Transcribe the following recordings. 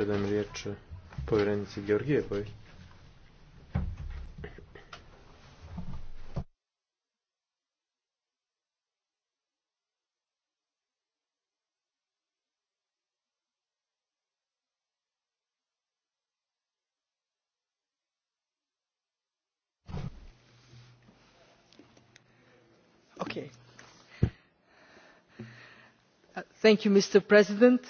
predajem riječ povjerenici Georgijevoj. Okay. Uh, thank you, Mr. President.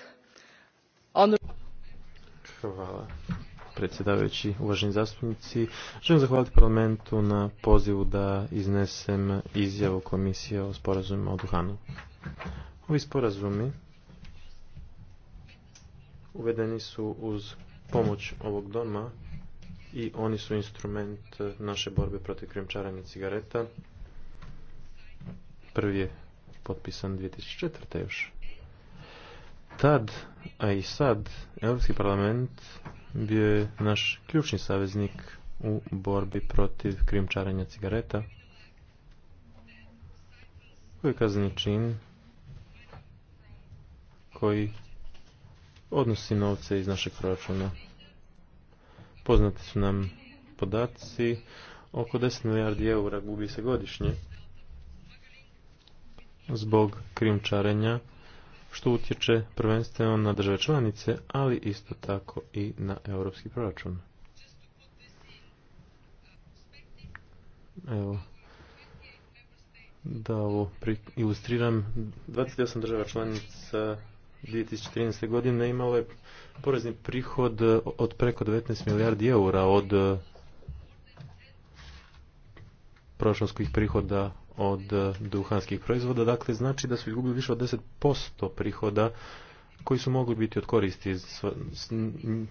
predsjedavajući, uvaženi zastupnici. Želim zahvaliti parlamentu na pozivu da iznesem izjavu komisije o sporazumima o duhanu. Ovi sporazumi uvedeni su uz pomoć ovog doma i oni su instrument naše borbe protiv krimčaranja cigareta. Prvi je potpisan 2004. još. Tad, a i sad, Europski parlament bio je naš ključni saveznik u borbi protiv krijumčarenja cigareta koji je kazneni čin koji odnosi novce iz našeg proračuna. Poznati su nam podaci, oko 10 milijardi eura gubi se godišnje zbog krijumčarenja što utječe prvenstveno na države članice, ali isto tako i na europski proračun. Evo, da ovo ilustriram, 28 država članica 2013. godine imalo je porezni prihod od preko 19 milijardi eura od eh, proračunskih prihoda od e, duhanskih proizvoda, dakle znači da su izgubili više od 10% prihoda koji su mogli biti od koristi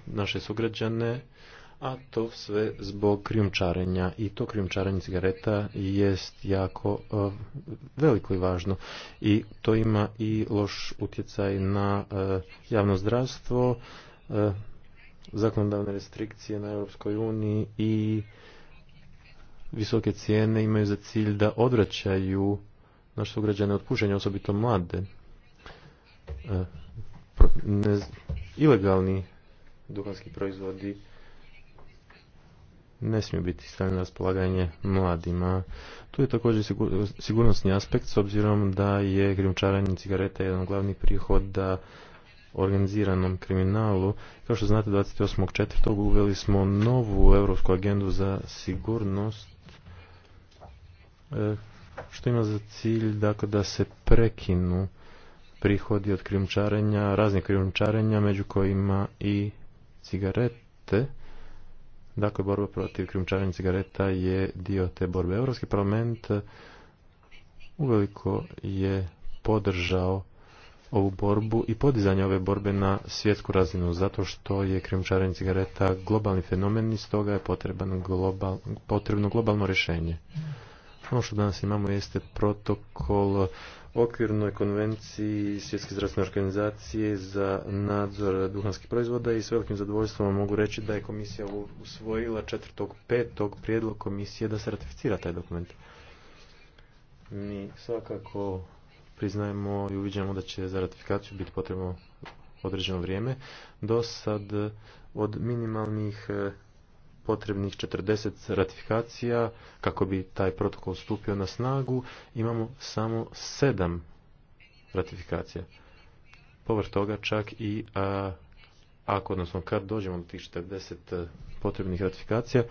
naše sugrađane, a to sve zbog krijumčarenja i to krijumčarenje cigareta jest jako e, veliko i važno i to ima i loš utjecaj na e, javno zdravstvo, zakonodavne restrikcije na Europskoj uniji i visoke cijene imaju za cilj da odvraćaju naše sugrađane od pušenja, osobito mlade. E, ilegalni duhanski proizvodi ne smiju biti stavljeni na raspolaganje mladima. Tu je također sigurnosni aspekt s obzirom da je grimčaranje cigareta jedan glavni prihod da organiziranom kriminalu. Kao što znate, 28.4. uveli smo novu europsku agendu za sigurnost E, što ima za cilj dakle, da se prekinu prihodi od krijumčarenja, raznih krijumčarenja, među kojima i cigarete. Dakle, borba protiv krijumčarenja cigareta je dio te borbe. Europski parlament uveliko je podržao ovu borbu i podizanje ove borbe na svjetsku razinu, zato što je krijumčarenje cigareta globalni fenomen i stoga je global, potrebno globalno rješenje. Ono što danas imamo jeste protokol okvirnoj konvenciji Svjetske zdravstvene organizacije za nadzor duhanskih proizvoda i s velikim zadovoljstvom mogu reći da je komisija usvojila 4.5. prijedlog komisije da se ratificira taj dokument. Mi svakako priznajemo i uviđamo da će za ratifikaciju biti potrebno određeno vrijeme. Do sad od minimalnih potrebnih 40 ratifikacija kako bi taj protokol stupio na snagu, imamo samo 7 ratifikacija. povrh toga čak i a, ako, odnosno kad dođemo do tih 40 e, potrebnih ratifikacija,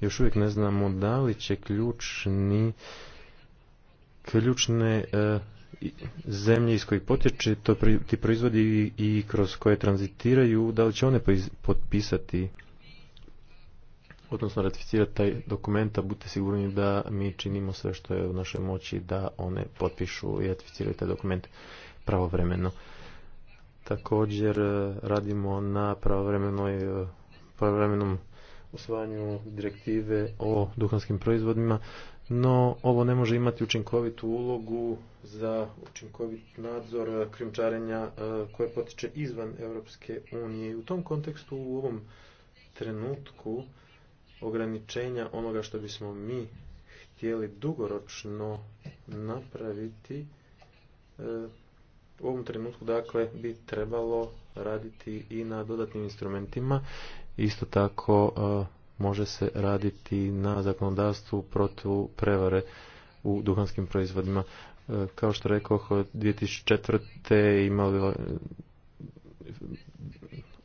još uvijek ne znamo da li će ključni ključne e, zemlje iz kojih potječe to ti proizvodi i, kroz koje tranzitiraju, da li će one potpisati odnosno ratificirati taj dokument, a budite sigurni da mi činimo sve što je u našoj moći da one potpišu i ratificiraju taj dokument pravovremeno. Također e, radimo na pravovremenoj e, pravovremenom usvajanju direktive o duhanskim proizvodima, no ovo ne može imati učinkovitu ulogu za učinkovit nadzor krimčarenja e, koje potiče izvan Europske unije. U tom kontekstu u ovom trenutku ograničenja onoga što bismo mi htjeli dugoročno napraviti e, u ovom trenutku dakle bi trebalo raditi i na dodatnim instrumentima isto tako e, može se raditi na zakonodavstvu protiv prevare u duhanskim proizvodima e, kao što rekao, od 2004. imali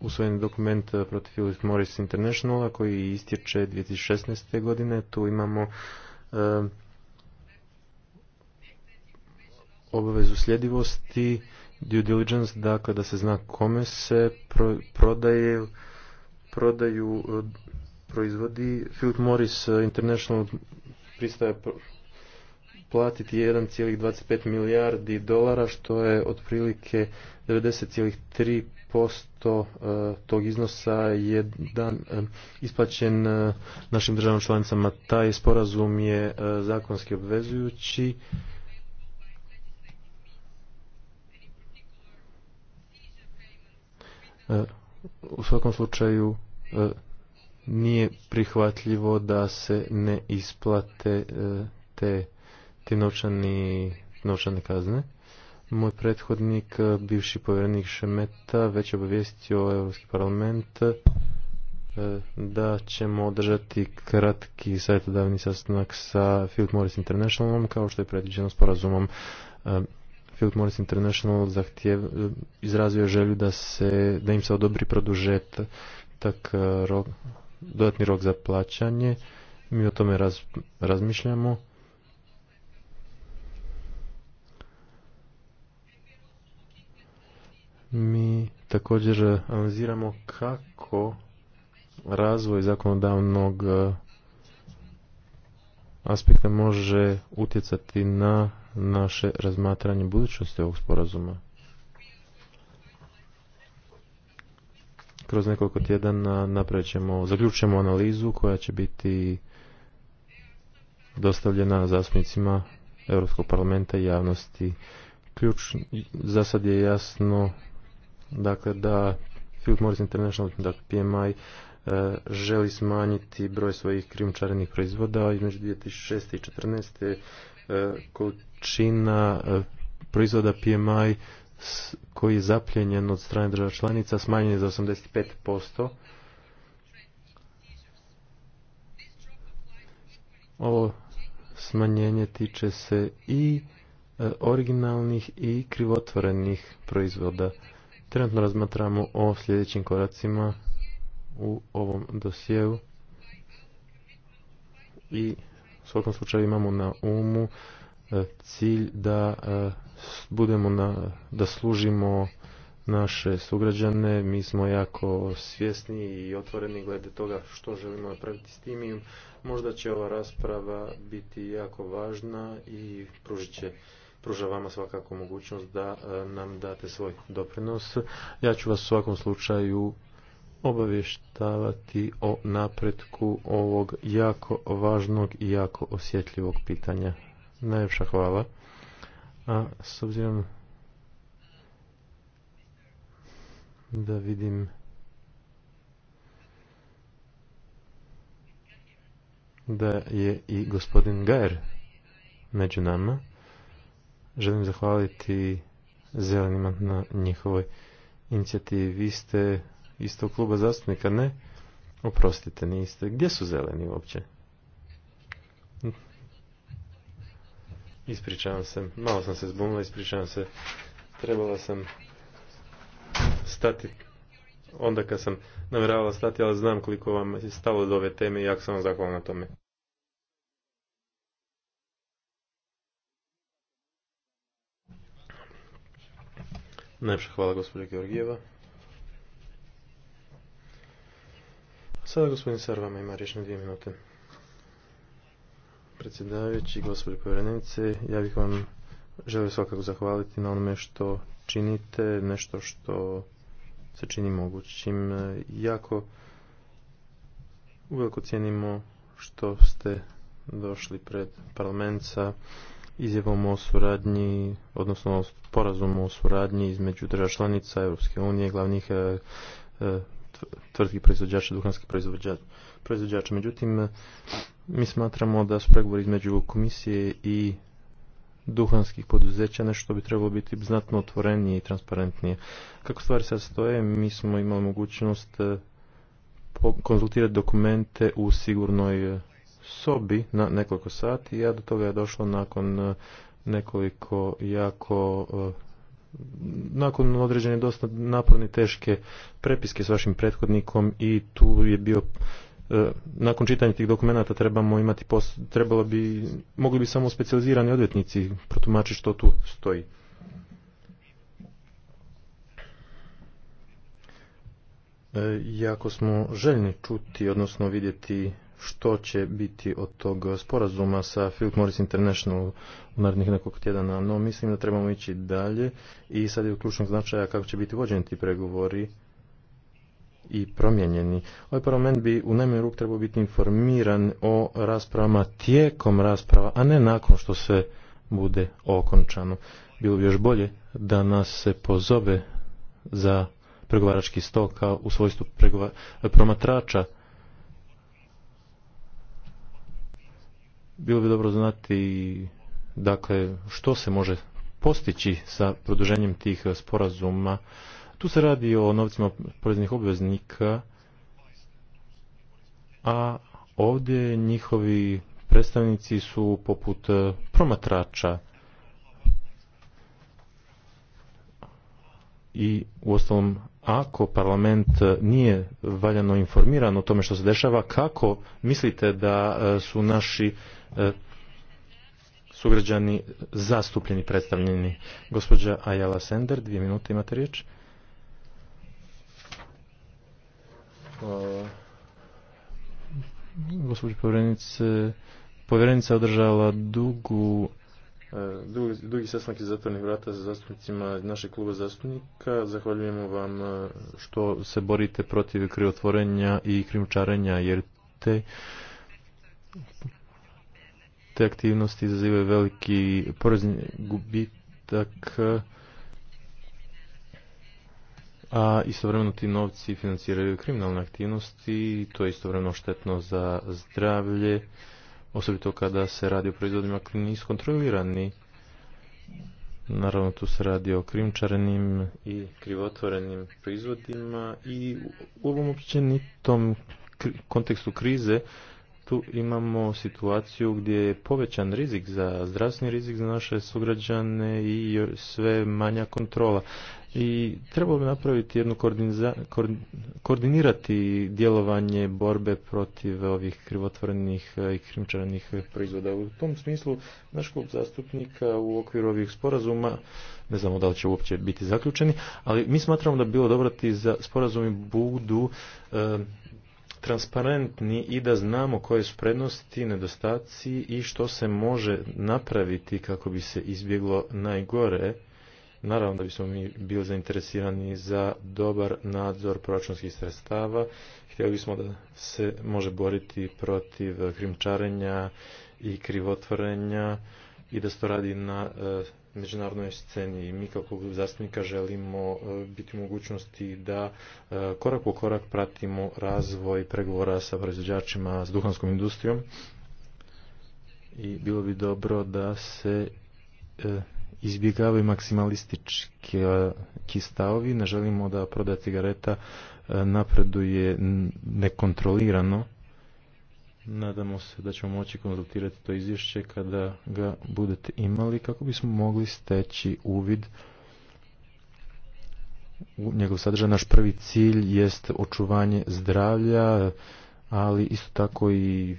usvojen dokument eh, protiv Philip Morris International koji istječe 2016. godine. Tu imamo eh, obavezu sljedivosti, due diligence, dakle da se zna kome se prodaje, prodaju eh, proizvodi. Philip Morris International pristaje platiti 1,25 milijardi dolara, što je otprilike 90,3 posto e, tog iznosa je dan e, isplaćen e, našim državnim članicama. Taj sporazum je zakonski obvezujući. U svakom slučaju nije prihvatljivo da se ne isplate te, novčane kazne. Moj prethodnik, eh, bivši povjerenik Šemeta, već je obavijestio Europski parlament eh, da ćemo održati kratki savjetodavni sastanak sa Philip Morris Internationalom kao što je predviđeno sporazumom. Eh, Philip Morris International zahtjev, izrazio želju da, se, da im se odobri produžet rok, dodatni rok za plaćanje. Mi o tome razmišljamo mi također e, analiziramo kako razvoj zakonodavnog e, aspekta može utjecati na naše razmatranje budućnosti ovog sporazuma. Kroz nekoliko tjedana napravit ćemo, zaključujemo analizu koja će biti dostavljena zastupnicima Europskog parlamenta i javnosti. Ključ, za sad je jasno dakle da Philip Morris International, dakle PMI, e, želi smanjiti broj svojih krijumčarenih proizvoda između 2006. i 2014. E, količina e, proizvoda PMI koji je zapljenjen od strane država članica smanjen je za 85%. Ovo smanjenje tiče se i originalnih i krivotvorenih proizvoda. Trenutno razmatramo o sljedećim koracima u ovom dosjeu i u svakom slučaju imamo na umu e, cilj da e, budemo na, da služimo naše sugrađane. Mi smo jako svjesni i otvoreni glede toga što želimo napraviti s tim možda će ova rasprava biti jako važna i pružit će pruža vama svakako mogućnost da e, nam date svoj doprinos. Ja ću vas u svakom slučaju obavještavati o napretku ovog jako važnog i jako osjetljivog pitanja. Najljepša hvala. A s obzirom da vidim da je i gospodin Gajer među nama. Želim zahvaliti zelenima na njihovoj inicijativi. Vi ste isto kluba zastupnika, ne? Oprostite, niste. Gdje su zeleni uopće? Ispričavam se. Malo sam se zbunila, ispričavam se. Trebala sam stati onda kad sam namjeravala stati, ali znam koliko vam je stalo do ove teme i jako sam vam zahvalan na tome. Najpša hvala gospođa Georgijeva. Sada gospodin Sarvama ima riječ na dvije minute. Predsjedavajući, gospođo povjerenice, ja bih vam želio svakako zahvaliti na onome što činite, nešto što se čini mogućim. Jako uveliko cijenimo što ste došli pred parlament sa izjavom o suradnji, odnosno o o suradnji između država članica Europske unije glavnih e, e, tvrtki proizvođača, duhanskih proizvođača. proizvođača. Međutim, e, mi smatramo da su pregovori između komisije i duhanskih poduzeća nešto bi trebalo biti znatno otvorenije i transparentnije. Kako stvari sad stoje, mi smo imali mogućnost konzultirati dokumente u sigurnoj sobi na nekoliko sati. Ja do toga je došlo nakon e, nekoliko jako e, nakon određene dosta naporne teške prepiske s vašim prethodnikom i tu je bio e, nakon čitanja tih dokumenata trebamo imati trebalo bi mogli bi samo specijalizirani odvjetnici protumačiti što tu stoji. jako smo željni čuti, odnosno vidjeti što će biti od tog sporazuma sa Philip Morris International u narednih nekoliko tjedana, no mislim da trebamo ići dalje i sad je od ključnog značaja kako će biti vođeni ti pregovori i promijenjeni. Ovaj parlament bi u najmanju ruku trebao biti informiran o raspravama tijekom rasprava, a ne nakon što se bude okončano. Bilo bi još bolje da nas se pozove za pregovarački stol kao u svojstvu promatrača bilo bi dobro znati dakle što se može postići sa produženjem tih sporazuma. Tu se radi o novcima poreznih obveznika, a ovdje njihovi predstavnici su poput e, promatrača i u ako parlament e, nije valjano informiran o tome što se dešava, kako mislite da e, su naši E, sugrađani zastupljeni, predstavljeni. Gospođa Ajala Sender, dvije minute imate riječ. Gospođa povjerenice, povjerenica održala e, dugu Dugi, sastanak iz zatvornih vrata sa zastupnicima našeg kluba zastupnika. Zahvaljujemo vam e, što se borite protiv krivotvorenja i krimčarenja jer te aktivnosti izazivaju veliki porezni gubitak, a istovremeno ti novci financiraju kriminalne aktivnosti i to je istovremeno štetno za zdravlje, osobito kada se radi o proizvodima koji nisu kontrolirani. Naravno tu se radi o krimčarenim i krivotvorenim proizvodima i u ovom općenitom kontekstu krize tu imamo situaciju gdje je povećan rizik za zdravstveni rizik za naše sugrađane i sve manja kontrola. I trebalo bi napraviti jednu koordinirati djelovanje borbe protiv ovih krivotvorenih i krimčarnih proizvoda. U tom smislu naš klub zastupnika u okviru ovih sporazuma, ne znamo da li će uopće biti zaključeni, ali mi smatramo da bi bilo dobro ti za sporazumi budu eh, transparentni i da znamo koje su prednosti, nedostaci i što se može napraviti kako bi se izbjeglo najgore. Naravno da bismo mi bili zainteresirani za dobar nadzor proračunskih sredstava. Htjeli bismo da se može boriti protiv krimčarenja i krivotvorenja i da se to radi na e, međunarodnoj sceni i mi kao klub zastupnika želimo e, biti u mogućnosti da e, korak po korak pratimo razvoj pregovora sa proizvođačima s duhanskom industrijom i bilo bi dobro da se e, izbjegavaju maksimalistički stavovi, ne želimo da prodaja cigareta napreduje nekontrolirano Nadamo se da ćemo moći konzultirati to izvješće kada ga budete imali kako bismo mogli steći uvid u njegov sadržaj. Naš prvi cilj jest očuvanje zdravlja, ali isto tako i e,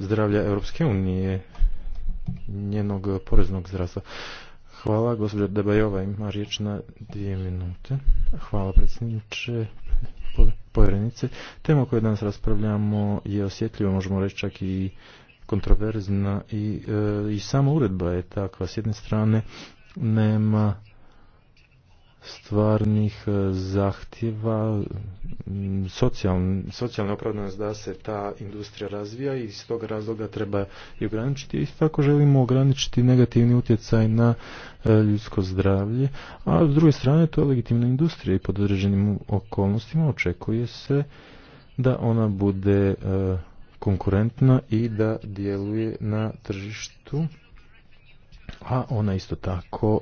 zdravlja Europske unije, njenog poreznog zdravstva. Hvala, gospođa Debajova ima riječ na dvije minute. Hvala, predsjedniče povjerenice. Tema koju danas raspravljamo je osjetljiva, možemo reći čak i kontroverzna i, e, i sama uredba je takva. S jedne strane nema stvarnih e, zahtjeva socijalne, socijalne opravdanost da se ta industrija razvija i iz tog razloga treba i ograničiti. Isto tako želimo ograničiti negativni utjecaj na e, ljudsko zdravlje, a s druge strane to je legitimna industrija i pod određenim okolnostima očekuje se da ona bude e, konkurentna i da djeluje na tržištu, a ona isto tako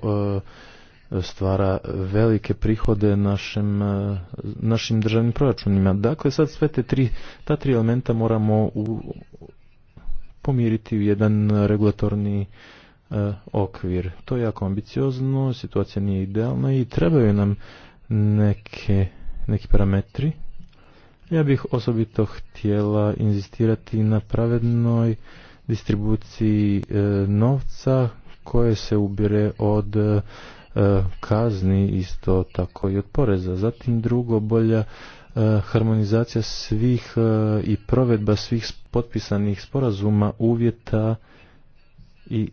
stvara velike prihode našem, e, našim državnim proračunima. Dakle, sad sve te tri, ta tri elementa moramo u, pomiriti u jedan regulatorni e, okvir. To je jako ambiciozno, situacija nije idealna i trebaju nam neke, neki parametri. Ja bih osobito htjela inzistirati na pravednoj distribuciji e, novca koje se ubire od E, kazni isto tako i od poreza. Zatim drugo, bolja e, harmonizacija svih e, i provedba svih potpisanih sporazuma, uvjeta i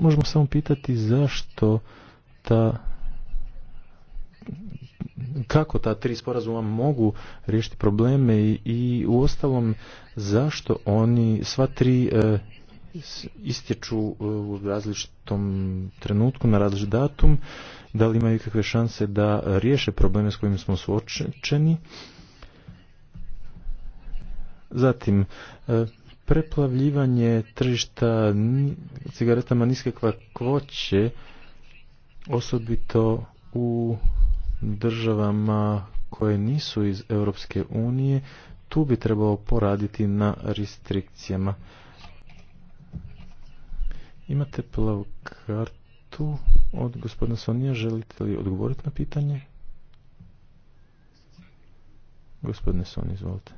možemo samo pitati zašto ta kako ta tri sporazuma mogu riješiti probleme i, i u ostalom zašto oni sva tri istječu e, u različitom trenutku, na različit datum, da li imaju kakve šanse da riješe probleme s kojim smo suočeni. Zatim, e, preplavljivanje tržišta cigaretama niske kvakoće osobito u državama koje nisu iz Europske unije, tu bi trebalo poraditi na restrikcijama. Imate plavu kartu od gospodina Sonija. Želite li odgovoriti na pitanje? Gospodine Son, izvolite.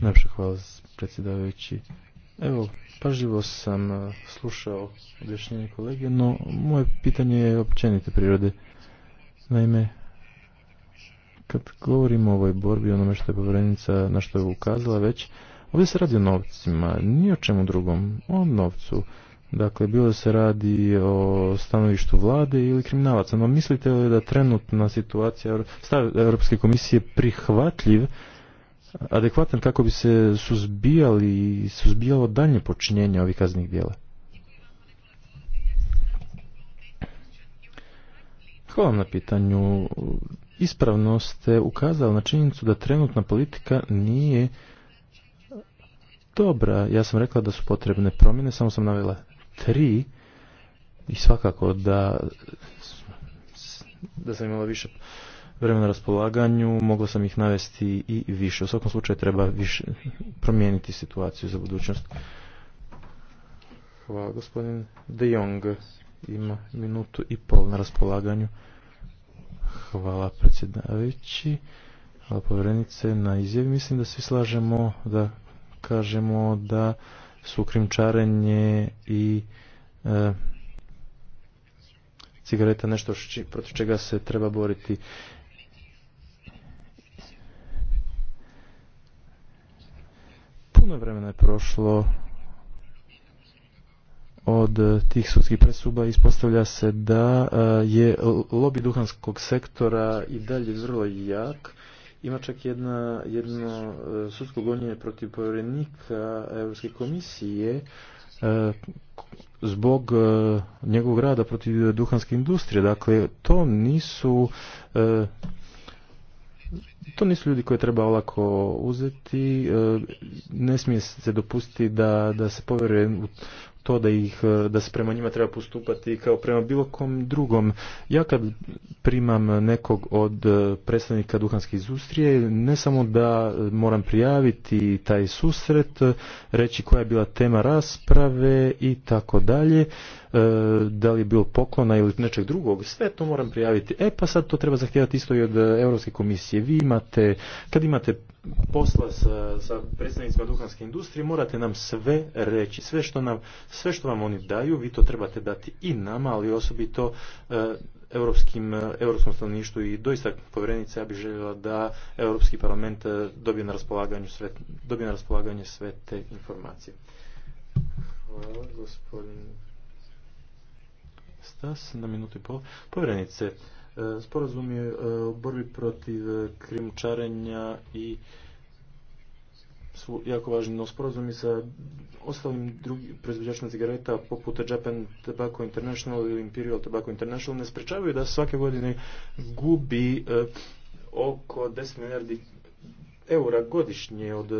Najprej hvala predsjedavajući. Evo, pažljivo sam slušao objašnjenje kolege, no moje pitanje je općenite prirode. Naime, kad govorimo o ovoj borbi, onome što je povrednica na što je ukazala već, ovdje se radi o novcima, ni o čemu drugom, o novcu. Dakle, bilo se radi o stanovištu vlade ili kriminalaca, no mislite li da trenutna situacija stav Europske komisije prihvatljiv, adekvatan kako bi se suzbijali, i suzbijalo dalje počinjenje ovih kaznih djela? Hvala vam na pitanju ispravno ste ukazali na činjenicu da trenutna politika nije dobra. Ja sam rekla da su potrebne promjene, samo sam navela tri i svakako da da sam imala više vremena na raspolaganju, mogla sam ih navesti i više. U svakom slučaju treba više promijeniti situaciju za budućnost. Hvala gospodin De Jong ima minutu i pol na raspolaganju. Hvala predsjedavajući. Hvala povjerenice na izjavi. Mislim da svi slažemo da kažemo da su krimčarenje i e, cigareta nešto protiv čega se treba boriti. Puno vremena je prošlo od eh, tih sudskih presuba ispostavlja se da eh, je lobby duhanskog sektora i dalje vrlo jak. Ima čak jedna, jedno eh, sudsko gonjenje protiv povjerenika Europske komisije zbog njegovog rada protiv duhanske industrije. Dakle, to nisu to nisu ljudi koje treba olako uzeti. Ne smije se dopustiti da, da se povjeruje u to da, ih, e, da se prema njima treba postupati kao prema bilo kom drugom. Ja kad primam nekog od e, predstavnika duhanske industrije, ne samo da moram prijaviti taj susret, reći koja je bila tema rasprave i tako dalje, E, da li je bilo poklona ili nečeg drugog, sve to moram prijaviti. E pa sad to treba zahtijevati isto i od e, Europske komisije. Vi imate, kad imate posla sa, sa predstavnicima duhanske industrije, morate nam sve reći. Sve što, nam, sve što vam oni daju, vi to trebate dati i nama, ali osobito e, europskim, europskom stanovništvu i doista povjerenice, ja bih željela da Europski parlament dobije na raspolaganju sve, dobije na raspolaganje sve te informacije. Hvala, Stas na minutu i pol. Povjerenice, e, sporazum je o e, borbi protiv e, krimčarenja i jako važni no sporazumi sa ostalim drugim proizvođačima cigareta poput Japan Tobacco International ili Imperial Tobacco International ne sprečavaju da svake godine gubi oko 10 milijardi eura godišnje od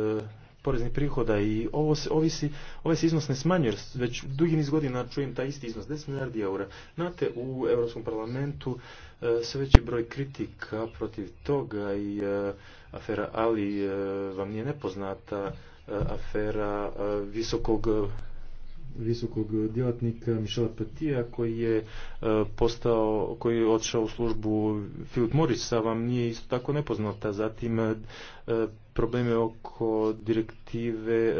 poreznih prihoda i ovo se ovisi, ovaj se iznos ne smanjuje, već dugi niz godina čujem taj isti iznos, 10 milijardi eura. Znate, u Europskom parlamentu e, sve veći broj kritika protiv toga i e, afera Ali e, vam nije nepoznata afera visokog visokog djelatnika Mišela Petija koji je postao, koji je otišao u službu Philip Morrisa, vam nije isto tako nepoznata. Zatim probleme oko direktive e,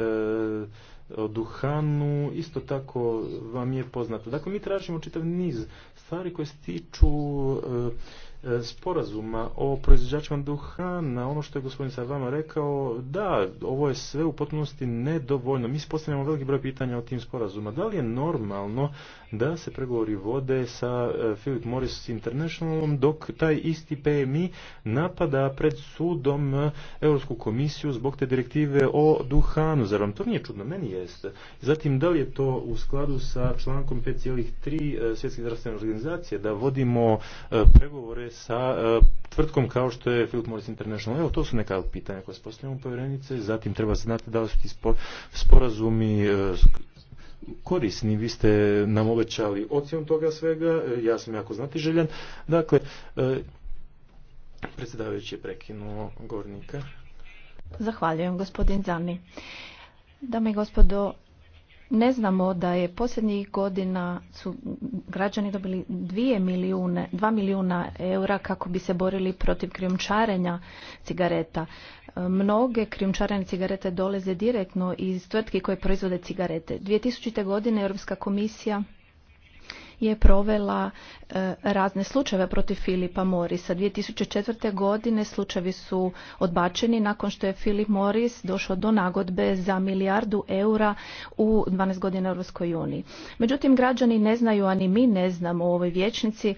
o duhanu, isto tako vam je poznato. Dakle, mi tražimo čitav niz stvari koje se tiču e, E, sporazuma o proizvođačima na ono što je gospodin vama rekao, da, ovo je sve u potpunosti nedovoljno. Mi postavljamo veliki broj pitanja o tim sporazuma. Da li je normalno da se pregovori vode sa e, Philip Morris Internationalom, dok taj isti PMI napada pred sudom e, Europsku komisiju zbog te direktive o duhanu. Zar vam to nije čudno? Meni jeste. Zatim, da li je to u skladu sa člankom 5.3 Svjetske zdravstvene organizacije, da vodimo pregovore sa e, tvrtkom kao što je Philip Morris International. Evo, to su neka pitanja koja se postavljamo povjerenice. Zatim treba znati da li su ti sporazumi e, korisni. Vi ste nam obećali ocijom toga svega. E, ja sam jako znati željan. Dakle, predsjedavajući je prekinuo govornika. Zahvaljujem, gospodin Zami. Dame i gospodo, ne znamo da je posljednjih godina su građani dobili 2 milijune, 2 milijuna eura kako bi se borili protiv krijumčarenja cigareta. Mnoge krijumčarene cigarete dolaze direktno iz tvrtki koje proizvode cigarete. 2000. godine Europska komisija je provela e, razne slučajeve protiv Filipa Morisa. 2004. godine slučajevi su odbačeni nakon što je Filip Moris došao do nagodbe za milijardu eura u 12 godina Europskoj uniji. Međutim, građani ne znaju, a ni mi ne znamo u ovoj vječnici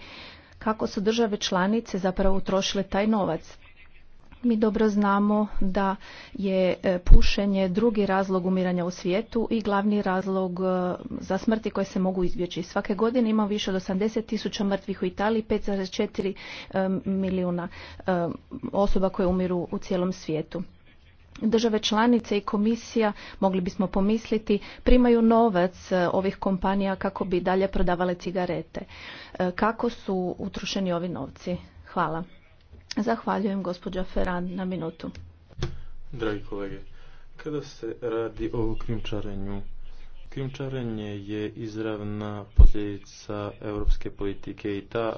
kako su države članice zapravo utrošile taj novac. Mi dobro znamo da je e, pušenje drugi razlog umiranja u svijetu i glavni razlog e, za smrti koje se mogu izbjeći. Svake godine ima više od 80 tisuća mrtvih u Italiji, 5,4 e, milijuna osoba koje umiru u cijelom svijetu države članice i komisija mogli bismo pomisliti primaju novac ovih kompanija kako bi dalje prodavale cigarete kako su utrošeni ovi novci hvala Zahvaljujem gospođa Ferran na minutu. Dragi kolege, kada se radi o krimčarenju, krimčarenje je izravna posljedica europske politike i ta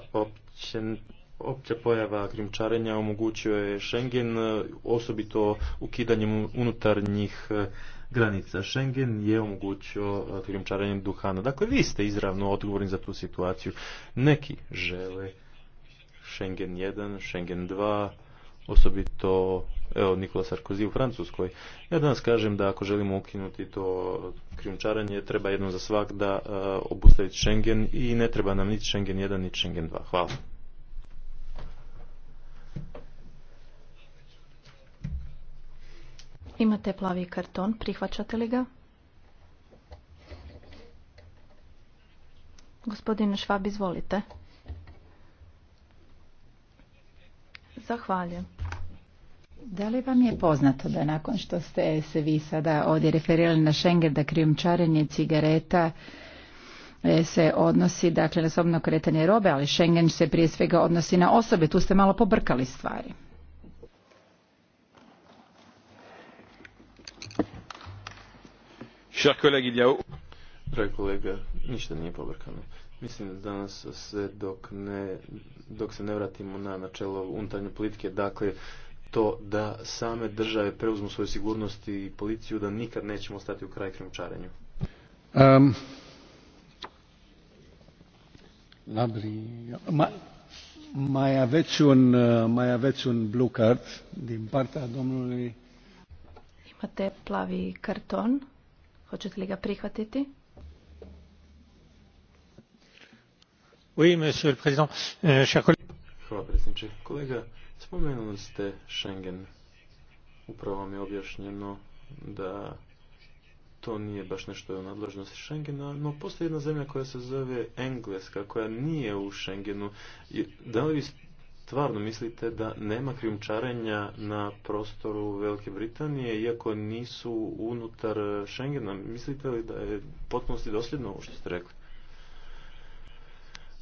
opća pojava krimčarenja omogućuje Schengen, osobito ukidanjem unutarnjih e, granica. Schengen je omogućio e, krimčarenjem duhana. Dakle, vi ste izravno odgovorni za tu situaciju. Neki žele Schengen 1, Schengen 2, osobito evo Nikola Sarkozy u Francuskoj. Ja danas kažem da ako želimo ukinuti to krijumčaranje treba jednom za svak da e, obustaviti Schengen i ne treba nam niti Schengen 1 niti Schengen 2. Hvala. Imate plavi karton, prihvaćate li ga? Gospodine Švab, izvolite. Zahvaljujem. Da li vam je poznato da nakon što ste se vi sada ovdje referirali na Schengen da krijumčarenje cigareta e, se odnosi dakle na sobno kretanje robe, ali Schengen se prije svega odnosi na osobe, tu ste malo pobrkali stvari. Dragi kolega, ništa nije pobrkano. Mislim da danas sve dok, ne, dok se ne vratimo na načelo unutarnje politike, dakle to da same države preuzmu svoju sigurnost i policiju, da nikad nećemo ostati u kraj krijumčarenju. Um, labri, ma, mai aveți un, mai aveți un blue card din partea domnului... Imate plavi karton. Hoćete li ga prihvatiti? Oui, euh, predsjedniče. Kolega, spomenuli ste Schengen. Upravo vam je objašnjeno da to nije baš nešto u nadležnosti Schengena, no postoji jedna zemlja koja se zove Engleska, koja nije u Schengenu. Da li vi stvarno mislite da nema krijumčarenja na prostoru Velike Britanije, iako nisu unutar Schengena? Mislite li da je potpunosti dosljedno ovo što ste rekli?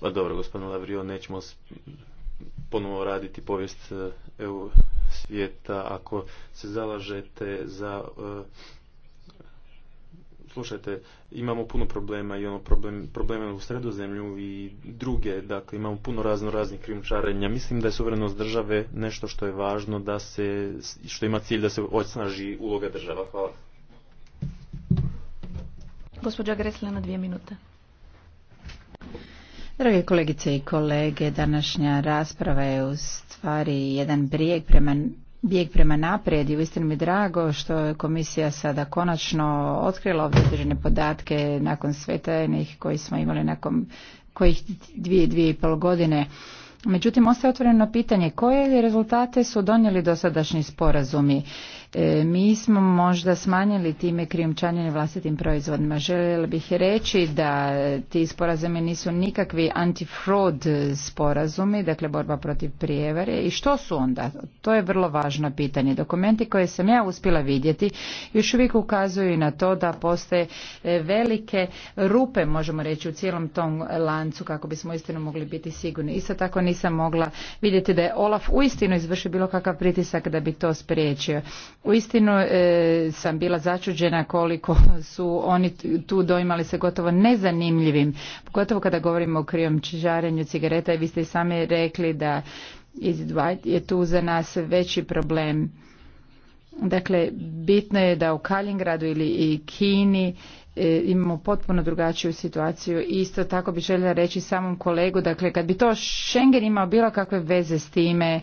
Pa dobro, gospodine Lavrio, nećemo ponovo raditi povijest e, EU svijeta ako se zalažete za e, slušajte, imamo puno problema i ono problem, probleme u sredozemlju i druge, dakle imamo puno razno raznih krimčarenja. Mislim da je suverenost države nešto što je važno da se, što ima cilj da se osnaži uloga država. Hvala. Gospođa dvije minute. Drage kolegice i kolege, današnja rasprava je u stvari jedan brijeg prema bijeg prema naprijed i uistinu mi drago što je komisija sada konačno otkrila određene podatke nakon sve koji smo imali nakon kojih dvije, dvije i pol godine. Međutim, ostaje otvoreno pitanje koje rezultate su donijeli dosadašnji sporazumi E, mi smo možda smanjili time krijumčanjenje vlastitim proizvodima. Željela bih reći da ti sporazumi nisu nikakvi antifraud sporazumi, dakle borba protiv prijevare. I što su onda? To je vrlo važno pitanje. Dokumenti koje sam ja uspjela vidjeti još uvijek ukazuju na to da postoje e, velike rupe, možemo reći, u cijelom tom lancu kako bismo istinu mogli biti sigurni. Isto tako nisam mogla vidjeti da je Olaf uistinu izvršio bilo kakav pritisak da bi to spriječio. Uistinu e, sam bila začuđena koliko su oni tu doimali se gotovo nezanimljivim, pogotovo kada govorimo o čižarenju cigareta i vi ste i sami rekli da je tu za nas veći problem. Dakle, bitno je da u Kaljingradu ili i Kini e, imamo potpuno drugačiju situaciju. Isto tako bi željela reći samom kolegu, dakle, kad bi to Schengen imao bilo kakve veze s time,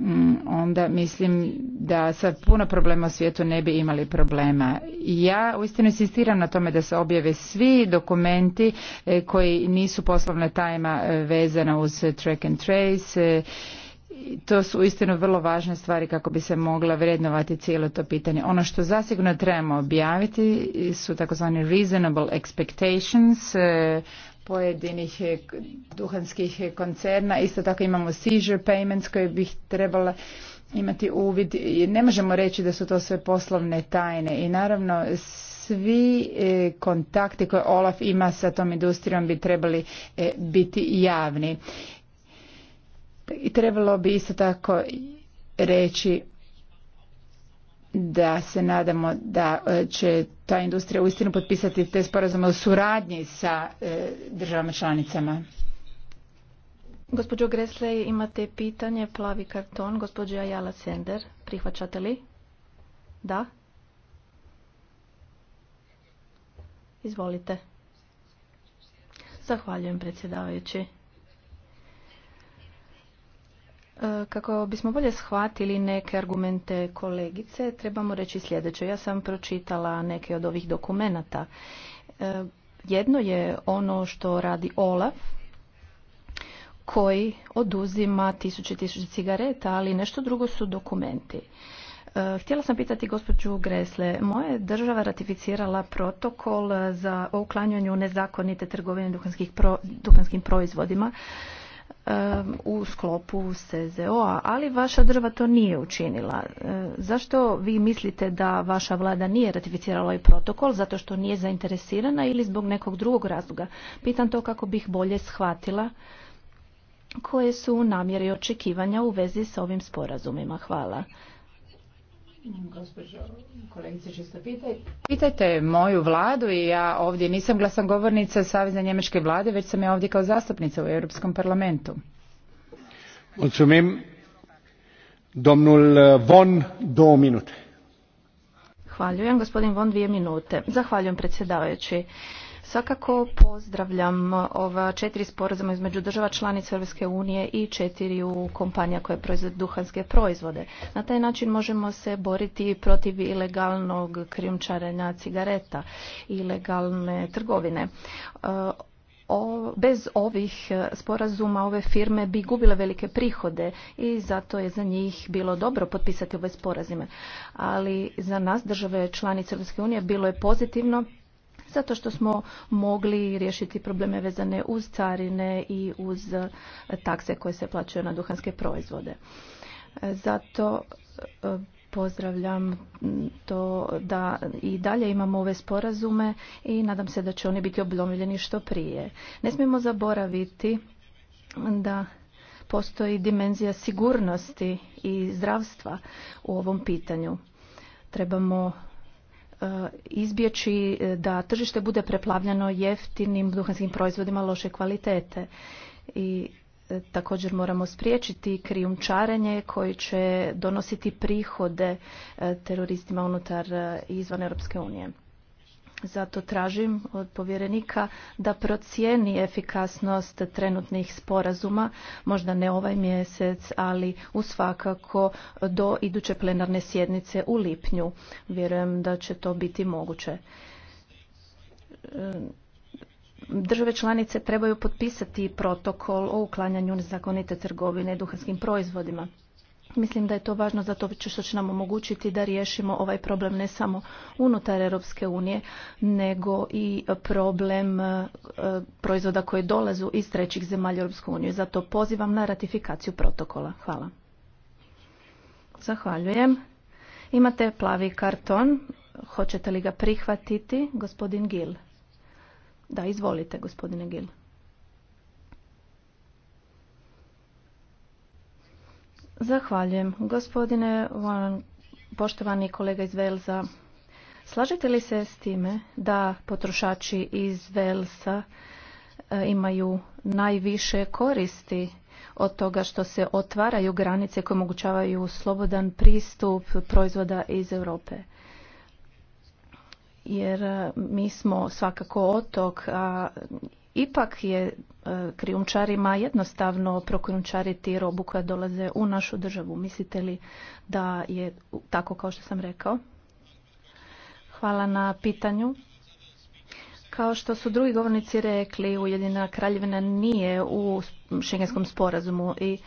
Mm, onda mislim da sa puno problema u svijetu ne bi imali problema. Ja uistinu insistiram na tome da se objave svi dokumenti e, koji nisu poslovna tajma e, vezana uz track and trace. E, to su uistinu vrlo važne stvari kako bi se mogla vrednovati cijelo to pitanje. Ono što zasigurno trebamo objaviti su takozvani reasonable expectations, pojedinih eh, duhanskih eh, koncerna. Isto tako imamo seizure payments koje bih trebala imati uvid. Ne možemo reći da su to sve poslovne tajne i naravno svi eh, kontakti koje Olaf ima sa tom industrijom bi trebali biti javni. I trebalo bi isto tako reći da se nadamo da e, će ta industrija uistinu potpisati te sporazume u suradnji sa e, državama članicama. Gospođo Gresley, imate pitanje, plavi karton, gospođa Jala Sender, prihvaćate li? Da? Izvolite. Zahvaljujem predsjedavajući. E, kako bismo bolje shvatili neke argumente kolegice, trebamo reći sljedeće. Ja sam pročitala neke od ovih dokumenata. E, jedno je ono što radi Olaf, koji oduzima tisuće tisuće cigareta, ali nešto drugo su dokumenti. E, htjela sam pitati gospođu Gresle, moja država ratificirala protokol za uklanjanje uklanjanju nezakonite trgovine duhanskim proizvodima u sklopu SZO-a, ali vaša drva to nije učinila. E, zašto vi mislite da vaša vlada nije ratificirala ovaj protokol? Zato što nije zainteresirana ili zbog nekog drugog razloga? Pitam to kako bih bolje shvatila koje su namjere i očekivanja u vezi s ovim sporazumima. Hvala. Gospođo, kolegice Pitajte moju vladu i ja ovdje nisam glasnogovornica Savjeza njemačke vlade, već sam ja ovdje kao zastupnica u Europskom parlamentu. Mulțumim. Domnul eh, Von, minute. Hvaljujem, gospodin Von, dvije minute. Zahvaljujem predsjedavajući. Svakako pozdravljam ova četiri sporazuma između država članica Europske unije i četiri kompanija koje proizvode duhanske proizvode. Na taj način možemo se boriti protiv ilegalnog krijumčarenja cigareta, ilegalne trgovine. bez ovih sporazuma ove firme bi gubile velike prihode i zato je za njih bilo dobro potpisati ove sporazume. Ali za nas države članice Europske unije bilo je pozitivno zato što smo mogli riješiti probleme vezane uz carine i uz e, takse koje se plaćaju na duhanske proizvode. E, zato e, pozdravljam to da i dalje imamo ove sporazume i nadam se da će oni biti oblomljeni što prije. Ne smijemo zaboraviti da postoji dimenzija sigurnosti i zdravstva u ovom pitanju. Trebamo E, izbjeći e, da tržište bude preplavljeno jeftinim duhanskim proizvodima loše kvalitete i e, također moramo spriječiti krijumčarenje koji će donositi prihode teroristima unutar i izvan Europske unije. Zato tražim od povjerenika da procijeni efikasnost trenutnih sporazuma, možda ne ovaj mjesec, ali u svakako do iduće plenarne sjednice u lipnju. Vjerujem da će to biti moguće države članice trebaju potpisati protokol o uklanjanju nezakonite trgovine duhanskim proizvodima. Mislim da je to važno zato što će nam omogućiti da riješimo ovaj problem ne samo unutar Europske unije, nego i problem e, proizvoda koji dolazu iz trećih zemalja Europske unije. Zato pozivam na ratifikaciju protokola. Hvala. Zahvaljujem. Imate plavi karton. Hoćete li ga prihvatiti, gospodin Gil? Da, izvolite, gospodine Gil. Zahvaljujem. Gospodine, poštovani kolega iz Velza, slažete li se s time da potrošači iz Velsa e, imaju najviše koristi od toga što se otvaraju granice koje omogućavaju slobodan pristup proizvoda iz Europe. Jer e, mi smo svakako otok, a Ipak je e, krijumčarima jednostavno prokrijumčariti robu koja dolaze u našu državu. Mislite li da je tako kao što sam rekao? Hvala na pitanju. Kao što su drugi govornici rekli, Ujedina kraljevina nije u šengenskom sporazumu i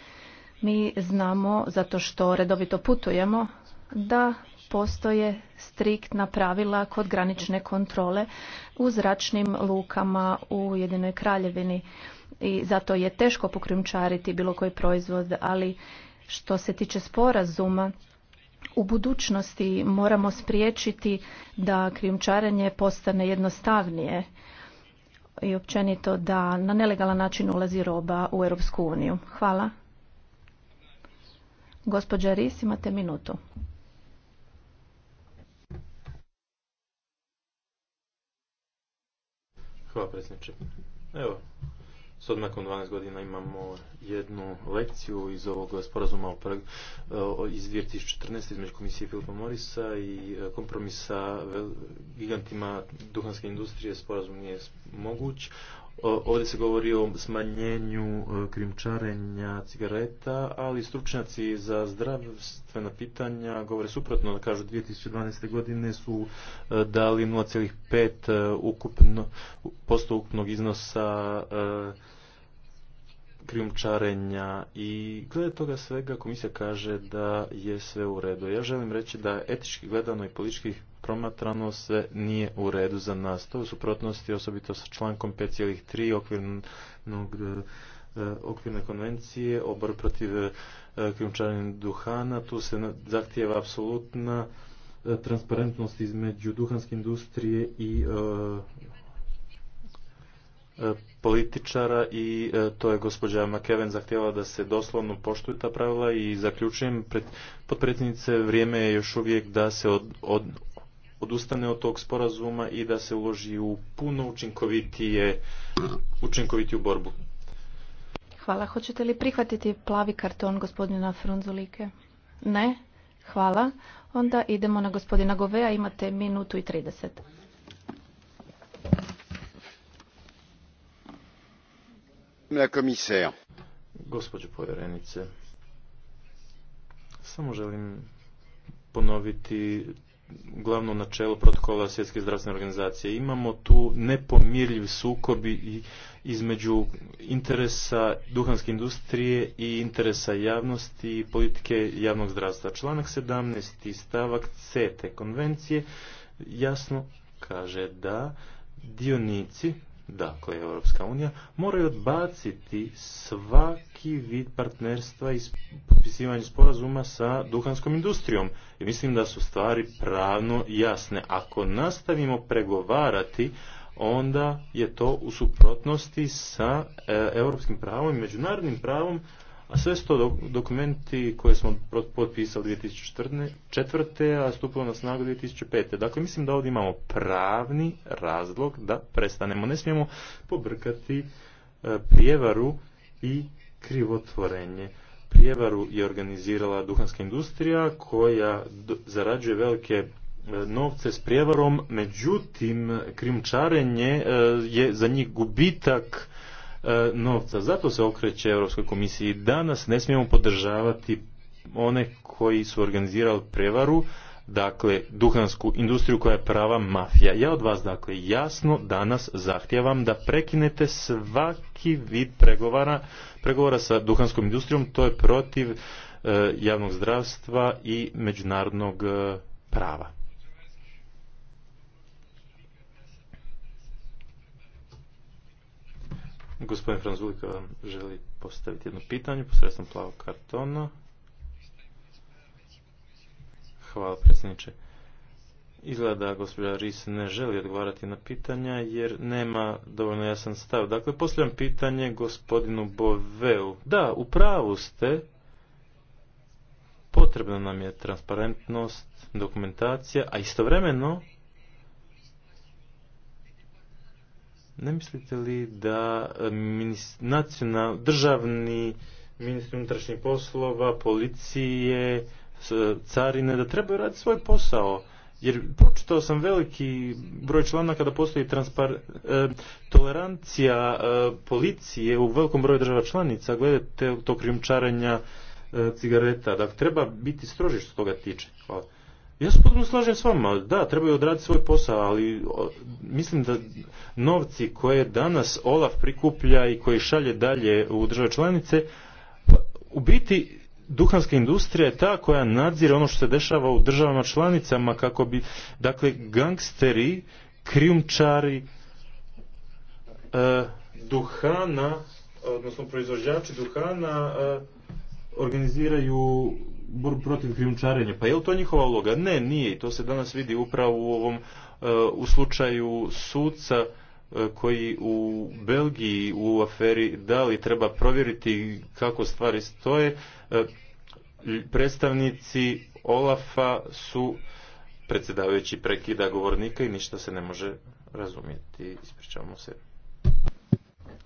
mi znamo, zato što redovito putujemo, da postoje striktna pravila kod granične kontrole u zračnim lukama u Jedinoj kraljevini i zato je teško pokrijumčariti bilo koji proizvod, ali što se tiče sporazuma u budućnosti moramo spriječiti da krijumčarenje postane jednostavnije i općenito da na nelegalan način ulazi roba u Europsku uniju. Hvala. Gospođa Ris, imate minutu. Hvala predsjedniče. Evo, sad nakon 12 godina imamo jednu lekciju iz ovog sporazuma iz 2014. između komisije Filipa Morisa i e, kompromisa gigantima duhanske industrije sporazum nije moguć. Ovdje se govori o smanjenju e, krimčarenja cigareta, ali stručnjaci za zdravstvena pitanja govore suprotno, da kažu 2012. godine su e, dali 0,5 e, ukupno, posto ukupnog iznosa krijumčarenja i glede toga svega komisija kaže da je sve u redu. Ja želim reći da etički gledano i politički promatrano se nije u redu za nas. To u suprotnosti osobito sa člankom 5.3 okvirnog e, okvirne konvencije o borbi protiv e, krijumčarenja duhana. Tu se zahtijeva apsolutna e, transparentnost između duhanske industrije i političara i to je gospođa McKeven zahtijevala da se doslovno poštuju ta pravila i zaključujem pred, potpredsjednice vrijeme je još uvijek da se od, od, odustane od tog sporazuma i da se uloži u puno učinkovitije, učinkovitiju borbu. Hvala. Hoćete li prihvatiti plavi karton gospodina Frunzulike? Ne? Hvala. Onda idemo na gospodina Govea. Imate minutu i 30. La komisera. Gospođo povjerenice, samo želim ponoviti glavno načelo protokola svjetske zdravstvene organizacije. Imamo tu nepomirljiv sukob između interesa duhanske industrije i interesa javnosti i politike javnog zdravstva. Članak 17. stavak C te konvencije jasno kaže da dionici dakle Europska unija, moraju odbaciti svaki vid partnerstva i potpisivanje sporazuma sa duhanskom industrijom. I mislim da su stvari pravno jasne. Ako nastavimo pregovarati, onda je to u suprotnosti sa e, europskim pravom i međunarodnim pravom a sve su to dokumenti koje smo potpisali 2004. a stupilo na snagu 2005. Dakle, mislim da ovdje imamo pravni razlog da prestanemo. Ne smijemo pobrkati e, prijevaru i krivotvorenje. Prijevaru je organizirala duhanska industrija koja zarađuje velike e, novce s prijevarom, međutim krimčarenje e, je za njih gubitak E, novca. Zato se okreće Europskoj komisiji. Danas ne smijemo podržavati one koji su organizirali prevaru, dakle duhansku industriju koja je prava mafija. Ja od vas dakle jasno danas zahtijevam da prekinete svaki vid pregovara, pregovora sa duhanskom industrijom, to je protiv e, javnog zdravstva i međunarodnog e, prava. Gospodin Franzulika vam želi postaviti jedno pitanje posredstvom plavog kartona. Hvala predsjedniče. Izgleda da gospođa Ris ne želi odgovarati na pitanja jer nema dovoljno jasan stav. Dakle, postavljam pitanje gospodinu Boveu. Da, u pravu ste. Potrebna nam je transparentnost, dokumentacija, a istovremeno Ne mislite li da eh, nacional, državni ministri unutrašnjih poslova, policije, carine, da trebaju raditi svoj posao? Jer pročitao sam veliki broj članaka da postoji eh, tolerancija eh, policije u velikom broju država članica glede tog krijumčarenja cigareta. Dakle, treba biti stroži što toga tiče. Hvala. Ja se potpuno slažem s vama, da, trebaju odraditi svoj posao, ali mislim da novci koje danas Olaf prikuplja i koji šalje dalje u države članice, u biti duhanska industrija je ta koja nadzira ono što se dešava u državama članicama kako bi, dakle, gangsteri, krijumčari, e, duhana, odnosno proizvođači duhana e, organiziraju protiv krijumčarenja. Pa je li to njihova uloga? Ne, nije. I to se danas vidi upravo u ovom e, u slučaju suca e, koji u Belgiji u aferi da li treba provjeriti kako stvari stoje. E, predstavnici Olafa su predsjedavajući prekida govornika i ništa se ne može razumjeti. Ispričavamo se.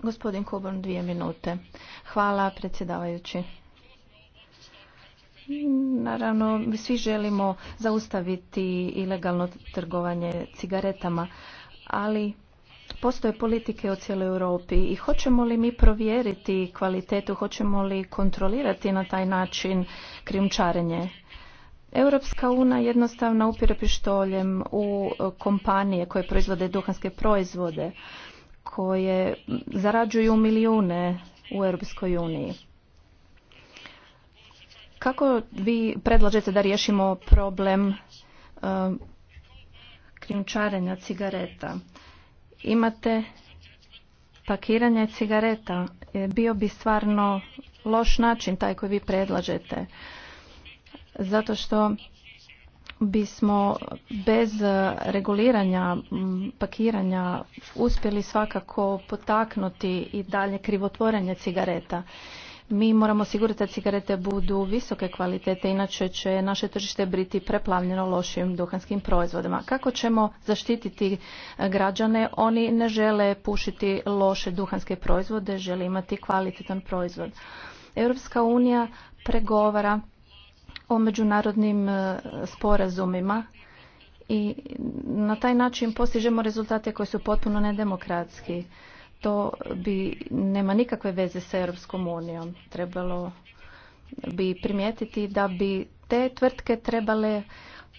Gospodin Koborn, dvije minute. Hvala predsjedavajući. Naravno, svi želimo zaustaviti ilegalno trgovanje cigaretama, ali postoje politike u cijeloj Europi i hoćemo li mi provjeriti kvalitetu, hoćemo li kontrolirati na taj način krijumčarenje? Europska una jednostavno upire pištoljem u kompanije koje proizvode duhanske proizvode koje zarađuju milijune u Europskoj uniji. Kako vi predlažete da riješimo problem e, krimčarenja cigareta? Imate pakiranje cigareta. E, bio bi stvarno loš način taj koji vi predlažete. Zato što bismo bez reguliranja pakiranja uspjeli svakako potaknuti i dalje krivotvorenje cigareta mi moramo osigurati da cigarete budu visoke kvalitete, inače će naše tržište biti preplavljeno lošim duhanskim proizvodima. Kako ćemo zaštititi e, građane? Oni ne žele pušiti loše duhanske proizvode, žele imati kvalitetan proizvod. Europska unija pregovara o međunarodnim e, sporazumima i na taj način postižemo rezultate koji su potpuno nedemokratski to bi nema nikakve veze sa Europskom unijom. Trebalo bi primijetiti da bi te tvrtke trebale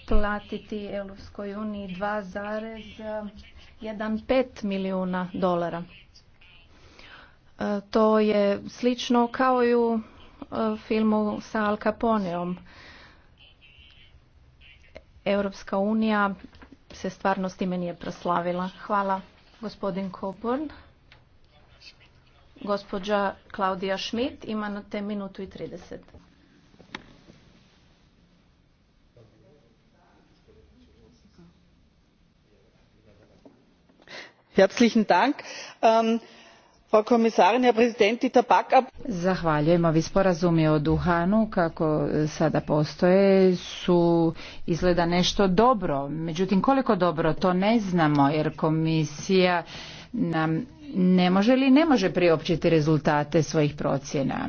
platiti Europskoj uniji 2,15 milijuna dolara. E, to je slično kao i u e, filmu sa Al Caponeom. Europska unija se stvarno s time nije proslavila. Hvala gospodin Coburn. Gospođa Klaudija Schmidt ima na te minutu i 30. Herzlichen Dank. Ähm, Zahvaljujem. Ovi sporazumi o duhanu kako e, sada postoje su izgleda nešto dobro. Međutim, koliko dobro to ne znamo jer komisija nam ne može ili ne može priopćiti rezultate svojih procjena.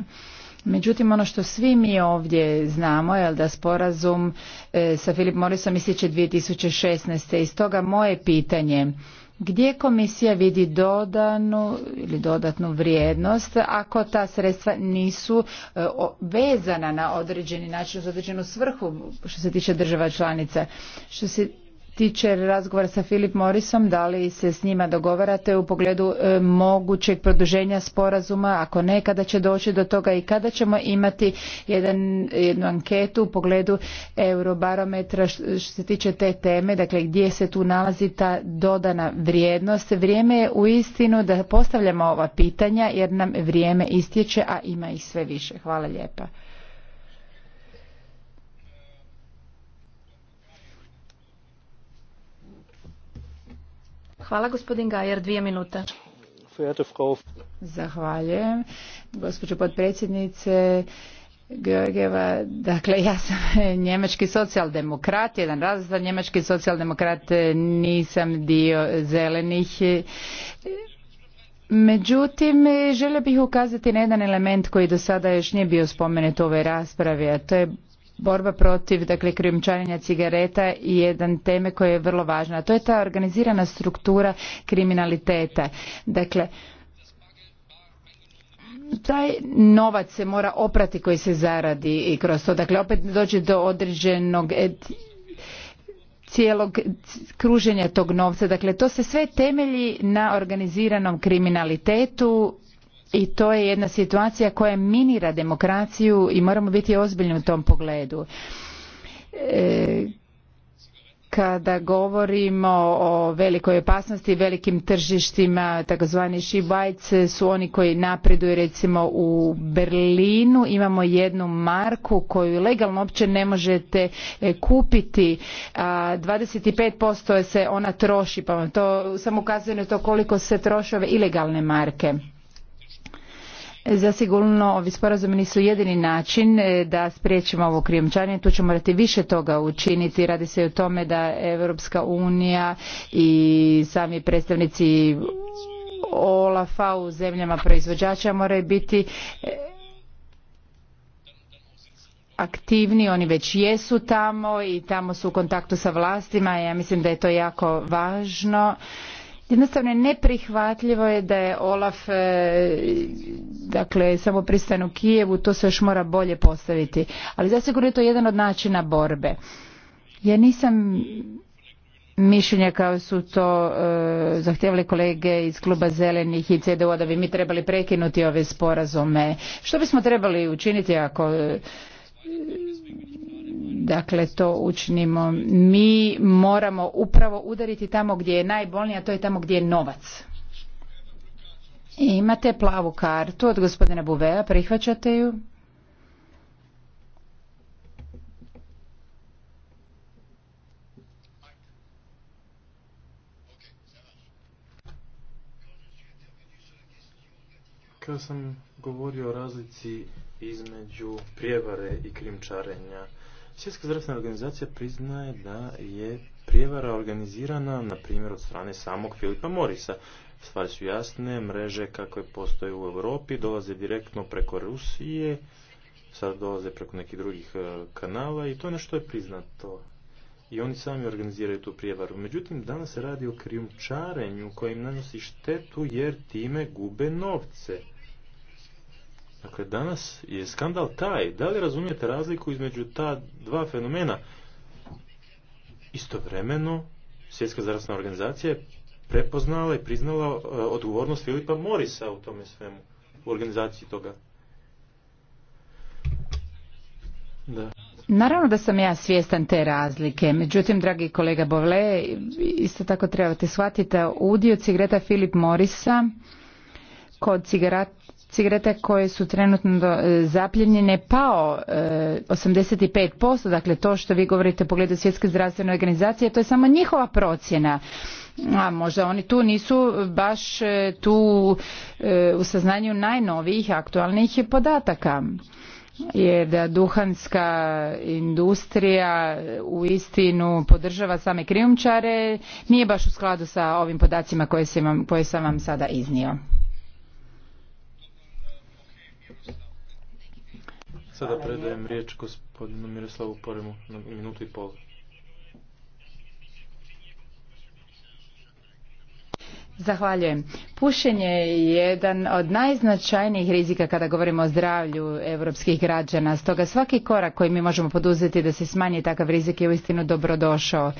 Međutim, ono što svi mi ovdje znamo je da sporazum e, sa Filip Morisom tisuće 2016. I stoga moje pitanje gdje komisija vidi dodanu ili dodatnu vrijednost ako ta sredstva nisu e, vezana na određeni način za određenu svrhu što se tiče država članica. Što se tiče razgovora sa Filip Morisom, da li se s njima dogovarate u pogledu e, mogućeg produženja sporazuma, ako ne, kada će doći do toga i kada ćemo imati jedan, jednu anketu u pogledu eurobarometra što se tiče te teme, dakle gdje se tu nalazi ta dodana vrijednost. Vrijeme je u istinu da postavljamo ova pitanja jer nam vrijeme istječe, a ima ih sve više. Hvala lijepa. Hvala gospodin Gajer, dvije minute. Zahvaljujem. Gospođo potpredsjednice, Georgijeva, dakle ja sam njemački socijaldemokrat, jedan razred njemački socijaldemokrat, e, nisam dio zelenih. E, međutim, e, želio bih ukazati na jedan element koji do sada još nije bio spomenut u ovoj raspravi, a to je borba protiv dakle krijumčarenja cigareta i jedan teme koja je vrlo važna a to je ta organizirana struktura kriminaliteta dakle taj novac se mora oprati koji se zaradi i kroz to dakle opet dođe do određenog cijelog kruženja tog novca dakle to se sve temelji na organiziranom kriminalitetu i to je jedna situacija koja minira demokraciju i moramo biti ozbiljni u tom pogledu. E, kada govorimo o velikoj opasnosti velikim tržištima takozvani šibajce su oni koji napreduju recimo u Berlinu imamo jednu marku koju legalno uopće ne možete e, kupiti 25% se ona troši pa vam to samo ukazuje na to koliko se troše ove ilegalne marke Zasigurno ovi sporazumi nisu jedini način e, da spriječimo ovo krijumčarenje, tu ćemo morati više toga učiniti. Radi se o tome da Europska unija i sami predstavnici Olafa u zemljama proizvođača moraju biti e, aktivni, oni već jesu tamo i tamo su u kontaktu sa vlastima i ja mislim da je to jako važno. Jednostavno neprihvatljivo je da je Olaf e, dakle samo pristanu Kijevu, to se još mora bolje postaviti. Ali zasigurno je to jedan od načina borbe. Ja nisam mišljenja kao su to e, zahtjevali kolege iz kluba zelenih i CDU da bi mi trebali prekinuti ove sporazume. Što bismo trebali učiniti ako e, dakle to učinimo? Mi moramo upravo udariti tamo gdje je najbolnije, a to je tamo gdje je novac. Imate plavu kartu od gospodina Buvea, prihvaćate ju? Kada sam govorio o razlici između prijevare i krimčarenja, Svjetska zdravstvena organizacija priznaje da je prijevara organizirana, na primjer, od strane samog Filipa Morisa. Stvari su jasne, mreže kakve postoje u Europi dolaze direktno preko Rusije, sad dolaze preko nekih drugih e, kanala i to je nešto je priznato. I oni sami organiziraju tu prijevaru. Međutim, danas se radi o krijumčarenju kojim nanosi štetu jer time gube novce. Dakle, danas je skandal taj. Da li razumijete razliku između ta dva fenomena? Istovremeno, Svjetska zdravstvena organizacija je prepoznala i priznala e, odgovornost Filipa Morisa u tome svemu, u organizaciji toga. Da. Naravno da sam ja svjestan te razlike, međutim, dragi kolega Bovle, isto tako trebate shvatiti udio cigareta Filip Morisa kod cigareta koje su trenutno e, zapljenjene pao 85%, e, dakle to što vi govorite u pogledu svjetske zdravstvene organizacije, to je samo njihova procjena a možda oni tu nisu baš e, tu e, u saznanju najnovijih aktualnih podataka je da duhanska industrija u istinu podržava same krijumčare nije baš u skladu sa ovim podacima koje sam vam, sada iznio. Sada predajem riječ gospodinu Miroslavu Poremu na minutu i pol. Zahvaljujem. Pušenje je jedan od najznačajnijih rizika kada govorimo o zdravlju europskih građana. Stoga svaki korak koji mi možemo poduzeti da se smanji takav rizik je uistinu dobrodošao.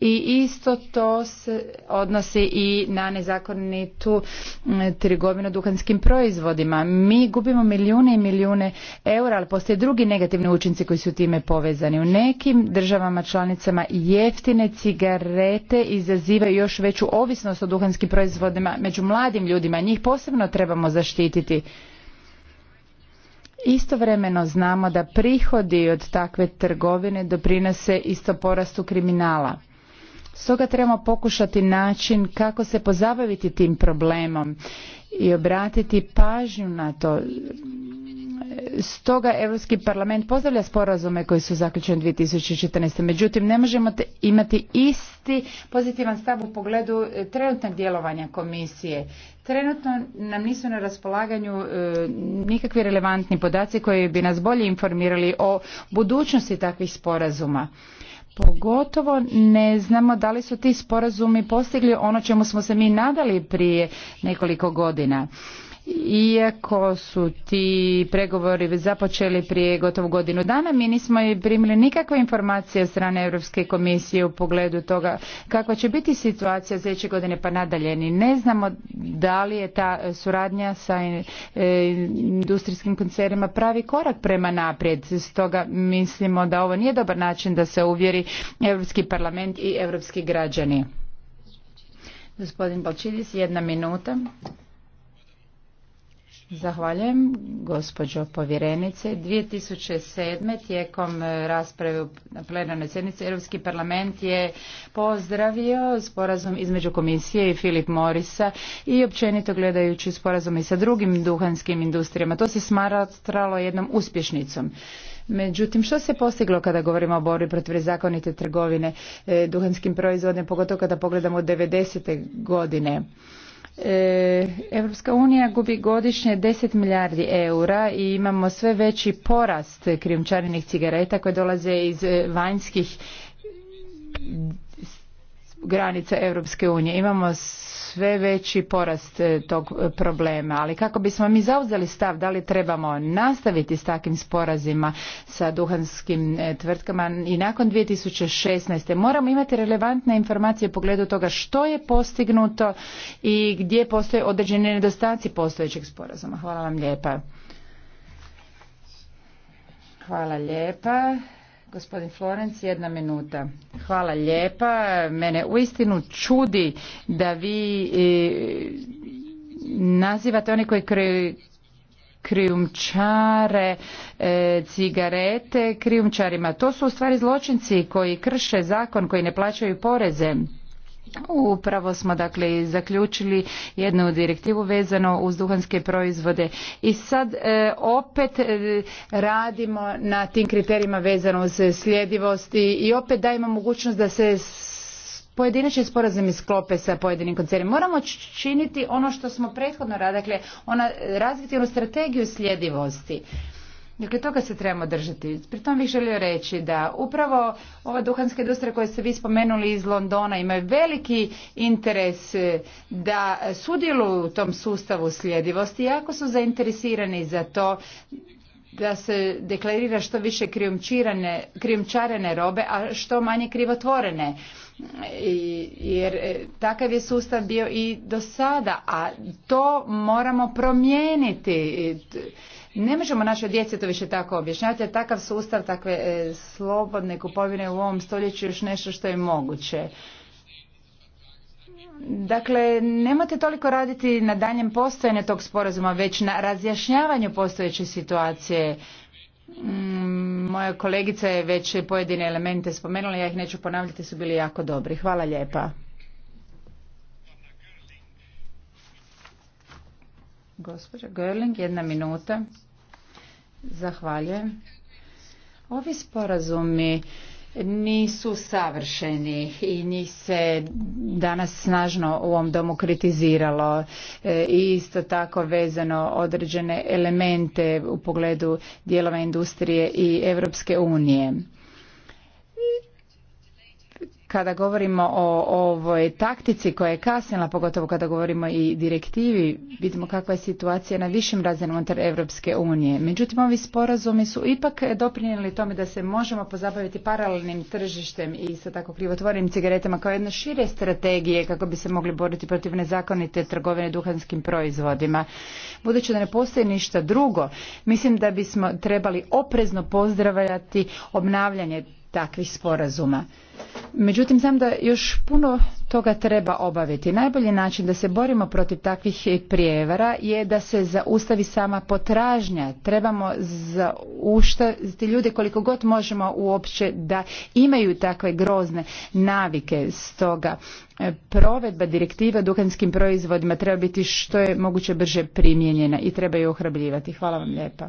I isto to se odnosi i na nezakonitu trgovinu duhanskim proizvodima. Mi gubimo milijune i milijune eura, ali postoje drugi negativni učinci koji su time povezani. U nekim državama članicama jeftine cigarete izazivaju još veću ovisnost o duhanskim proizvodima proizvodima među mladim ljudima. Njih posebno trebamo zaštititi. Istovremeno znamo da prihodi od takve trgovine doprinose isto porastu kriminala. Stoga trebamo pokušati način kako se pozabaviti tim problemom i obratiti pažnju na to Stoga Europski parlament pozdravlja sporazume koji su zaključeni 2014. Međutim, ne možemo imati isti pozitivan stav u pogledu e, trenutnog djelovanja komisije. Trenutno nam nisu na raspolaganju e, nikakvi relevantni podaci koji bi nas bolje informirali o budućnosti takvih sporazuma. Pogotovo ne znamo da li su ti sporazumi postigli ono čemu smo se mi nadali prije nekoliko godina. Iako su ti pregovori započeli prije gotovo godinu dana, mi nismo primili nikakve informacije od strane Europske komisije u pogledu toga kakva će biti situacija sljedeće godine pa nadalje. Ni ne znamo da li je ta suradnja sa e, industrijskim koncernima pravi korak prema naprijed. Stoga mislimo da ovo nije dobar način da se uvjeri Europski parlament i europski građani. Gospodin Balčidis, jedna minuta. Zahvaljujem, gospođo povjerenice. 2007. tijekom rasprave na plenarnoj sjednici Europski parlament je pozdravio sporazum između komisije i Filip Morisa i općenito gledajući sporazum i sa drugim duhanskim industrijama. To se smatralo jednom uspješnicom. Međutim, što se postiglo kada govorimo o borbi protiv nezakonite trgovine eh, duhanskim proizvodima, pogotovo kada pogledamo 90. godine? Europska unija gubi godišnje 10 milijardi eura i imamo sve veći porast krijumčarenih cigareta koje dolaze iz e, vanjskih granica Europske unije. Imamo sve veći porast e, tog e, problema, ali kako bismo mi zauzeli stav da li trebamo nastaviti s takvim sporazima sa duhanskim e, tvrtkama i nakon 2016. moramo imati relevantne informacije u pogledu toga što je postignuto i gdje postoje određeni nedostaci postojećeg sporazuma. Hvala vam lijepa. Hvala lijepa. Gospodin Florenc, jedna minuta. Hvala lijepa. Mene uistinu čudi da vi e, nazivate oni koji krijumčare e, cigarete krijumčarima. To su u stvari zločinci koji krše zakon, koji ne plaćaju poreze. Upravo smo dakle zaključili jednu direktivu vezano uz duhanske proizvode i sad e, opet e, radimo na tim kriterijima vezano uz sljedivost i, i opet dajemo mogućnost da se pojedinačni sporazumi sklope sa pojedinim koncernima. Moramo činiti ono što smo prethodno radili, dakle ona, razviti onu strategiju sljedivosti. Dakle, toga se trebamo držati. Pri tom bih želio reći da upravo ova duhanska industrija koju ste vi spomenuli iz Londona ima veliki interes e, da sudjeluju u tom sustavu sljedivosti Jako su zainteresirani za to da se deklarira što više krijumčarene robe, a što manje krivotvorene. I, jer e, takav je sustav bio i do sada, a to moramo promijeniti ne možemo našoj djeci to više tako objašnjavati, takav sustav takve e, slobodne kupovine u ovom stoljeću još nešto što je moguće. Dakle, nemojte toliko raditi na danjem postojanju tog sporazuma, već na razjašnjavanju postojeće situacije. Mm, moja kolegica je već pojedine elemente spomenula, ja ih neću ponavljati, su bili jako dobri. Hvala lijepa. Gospođa Görling, jedna minuta. Zahvaljujem. Ovi sporazumi nisu savršeni i njih se danas snažno u ovom domu kritiziralo i e, isto tako vezano određene elemente u pogledu dijelova industrije i Europske unije kada govorimo o ovoj taktici koja je kasnila, pogotovo kada govorimo i direktivi, vidimo kakva je situacija na višim razinama unutar Europske unije. Međutim, ovi sporazumi su ipak doprinijeli tome da se možemo pozabaviti paralelnim tržištem i sa tako krivotvorenim cigaretama kao jedne šire strategije kako bi se mogli boriti protiv nezakonite trgovine duhanskim proizvodima. Budući da ne postoji ništa drugo, mislim da bismo trebali oprezno pozdravljati obnavljanje takvih sporazuma. Međutim, znam da još puno toga treba obaviti. Najbolji način da se borimo protiv takvih prijevara je da se zaustavi sama potražnja. Trebamo zaustaviti ljude koliko god možemo uopće da imaju takve grozne navike. Stoga provedba direktiva o proizvodima treba biti što je moguće brže primijenjena i treba ju ohrabljivati. Hvala vam lijepa.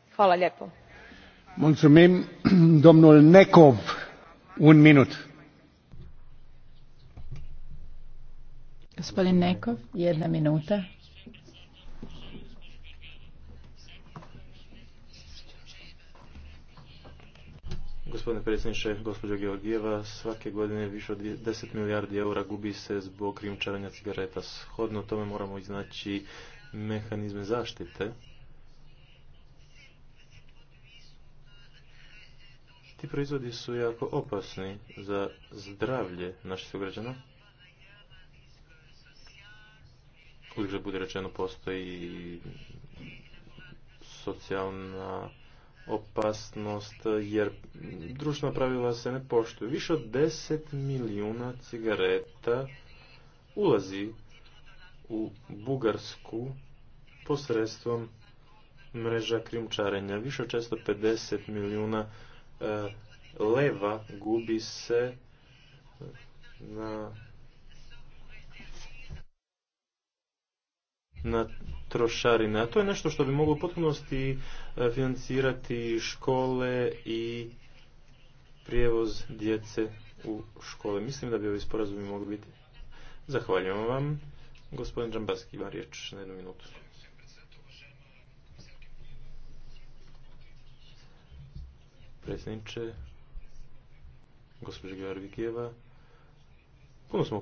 Gospodine predsjedniče, gospođo georgieva svake godine više od 10 milijardi eura gubi se zbog krijumčarenja cigareta. Shodno tome moramo iznai mehanizme zaštite Ti proizvodi su jako opasni za zdravlje naših sugrađana. Uvijek da bude rečeno postoji socijalna opasnost, jer društvena pravila se ne poštuju. Više od 10 milijuna cigareta ulazi u Bugarsku posredstvom mreža krijumčarenja. Više od 50 milijuna E, leva gubi se na na trošarine. A to je nešto što bi moglo u potpunosti e, financirati škole i prijevoz djece u škole. Mislim da bi ovi sporazumi mogli biti. Zahvaljujem vam. Gospodin Džambaski ima riječ na jednu minutu. predsjedniče, gospođe Georgijeva. Puno smo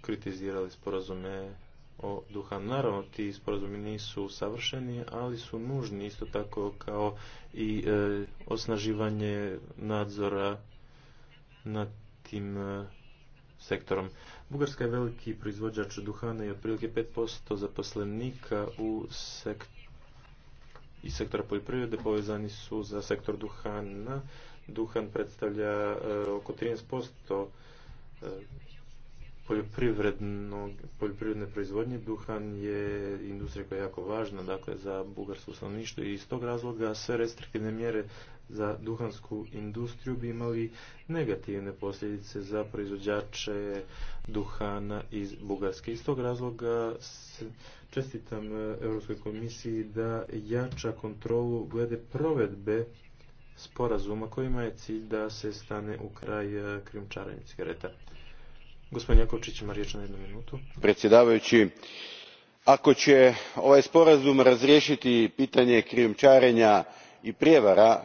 kritizirali sporazume o duhanu. Naravno, ti sporazumi nisu savršeni, ali su nužni isto tako kao i e, osnaživanje nadzora nad tim e, sektorom. Bugarska je veliki proizvođač duhana i otprilike 5% zaposlenika u sektoru i sektora poljoprivrede povezani su za sektor duhana. Duhan predstavlja e, oko 13% e, poljoprivredne proizvodnje. Duhan je industrija koja je jako važna dakle, za bugarsko stanovništvo i iz tog razloga sve restriktivne mjere za duhansku industriju bi imali negativne posljedice za proizvođače duhana iz Bugarske. Iz tog razloga čestitam e, Europskoj komisiji da jača kontrolu glede provedbe sporazuma kojima je cilj da se stane u kraj e, krijumčarenja cigareta. Gospodin Jakovčić ima riječ na jednu minutu. Predsjedavajući, ako će ovaj sporazum razriješiti pitanje krijumčarenja i prijevara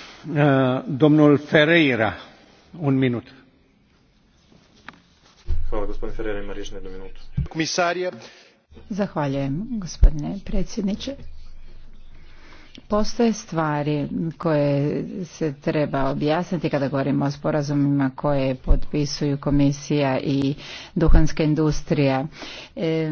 Eh, domnul Ferreira, un minut. Hvala, gospodin Ferreira, ima riječ na jednu minutu. Zahvaljujem, gospodine predsjedniče. Postoje stvari koje se treba objasniti kada govorimo o sporazumima koje potpisuju komisija i duhanska industrija. E,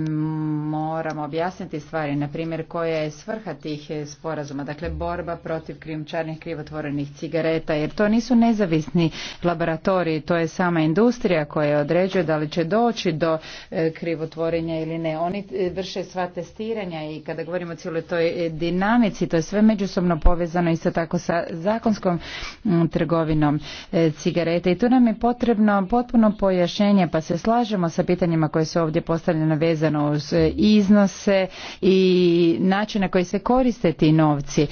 moramo objasniti stvari, na primjer koja je svrha tih sporazuma, dakle borba protiv krijumčarnih krivotvorenih cigareta, jer to nisu nezavisni laboratoriji, to je sama industrija koja određuje da li će doći do e, krivotvorenja ili ne. Oni e, vrše sva testiranja i kada govorimo o cijeloj toj e, dinamici, to je sve međusobno povezano isto tako sa zakonskom mm, trgovinom e, cigareta i tu nam je potrebno potpuno pojašnjenje pa se slažemo sa pitanjima koje su ovdje postavljena vezano uz e, iznose i načine na koji se koriste ti novci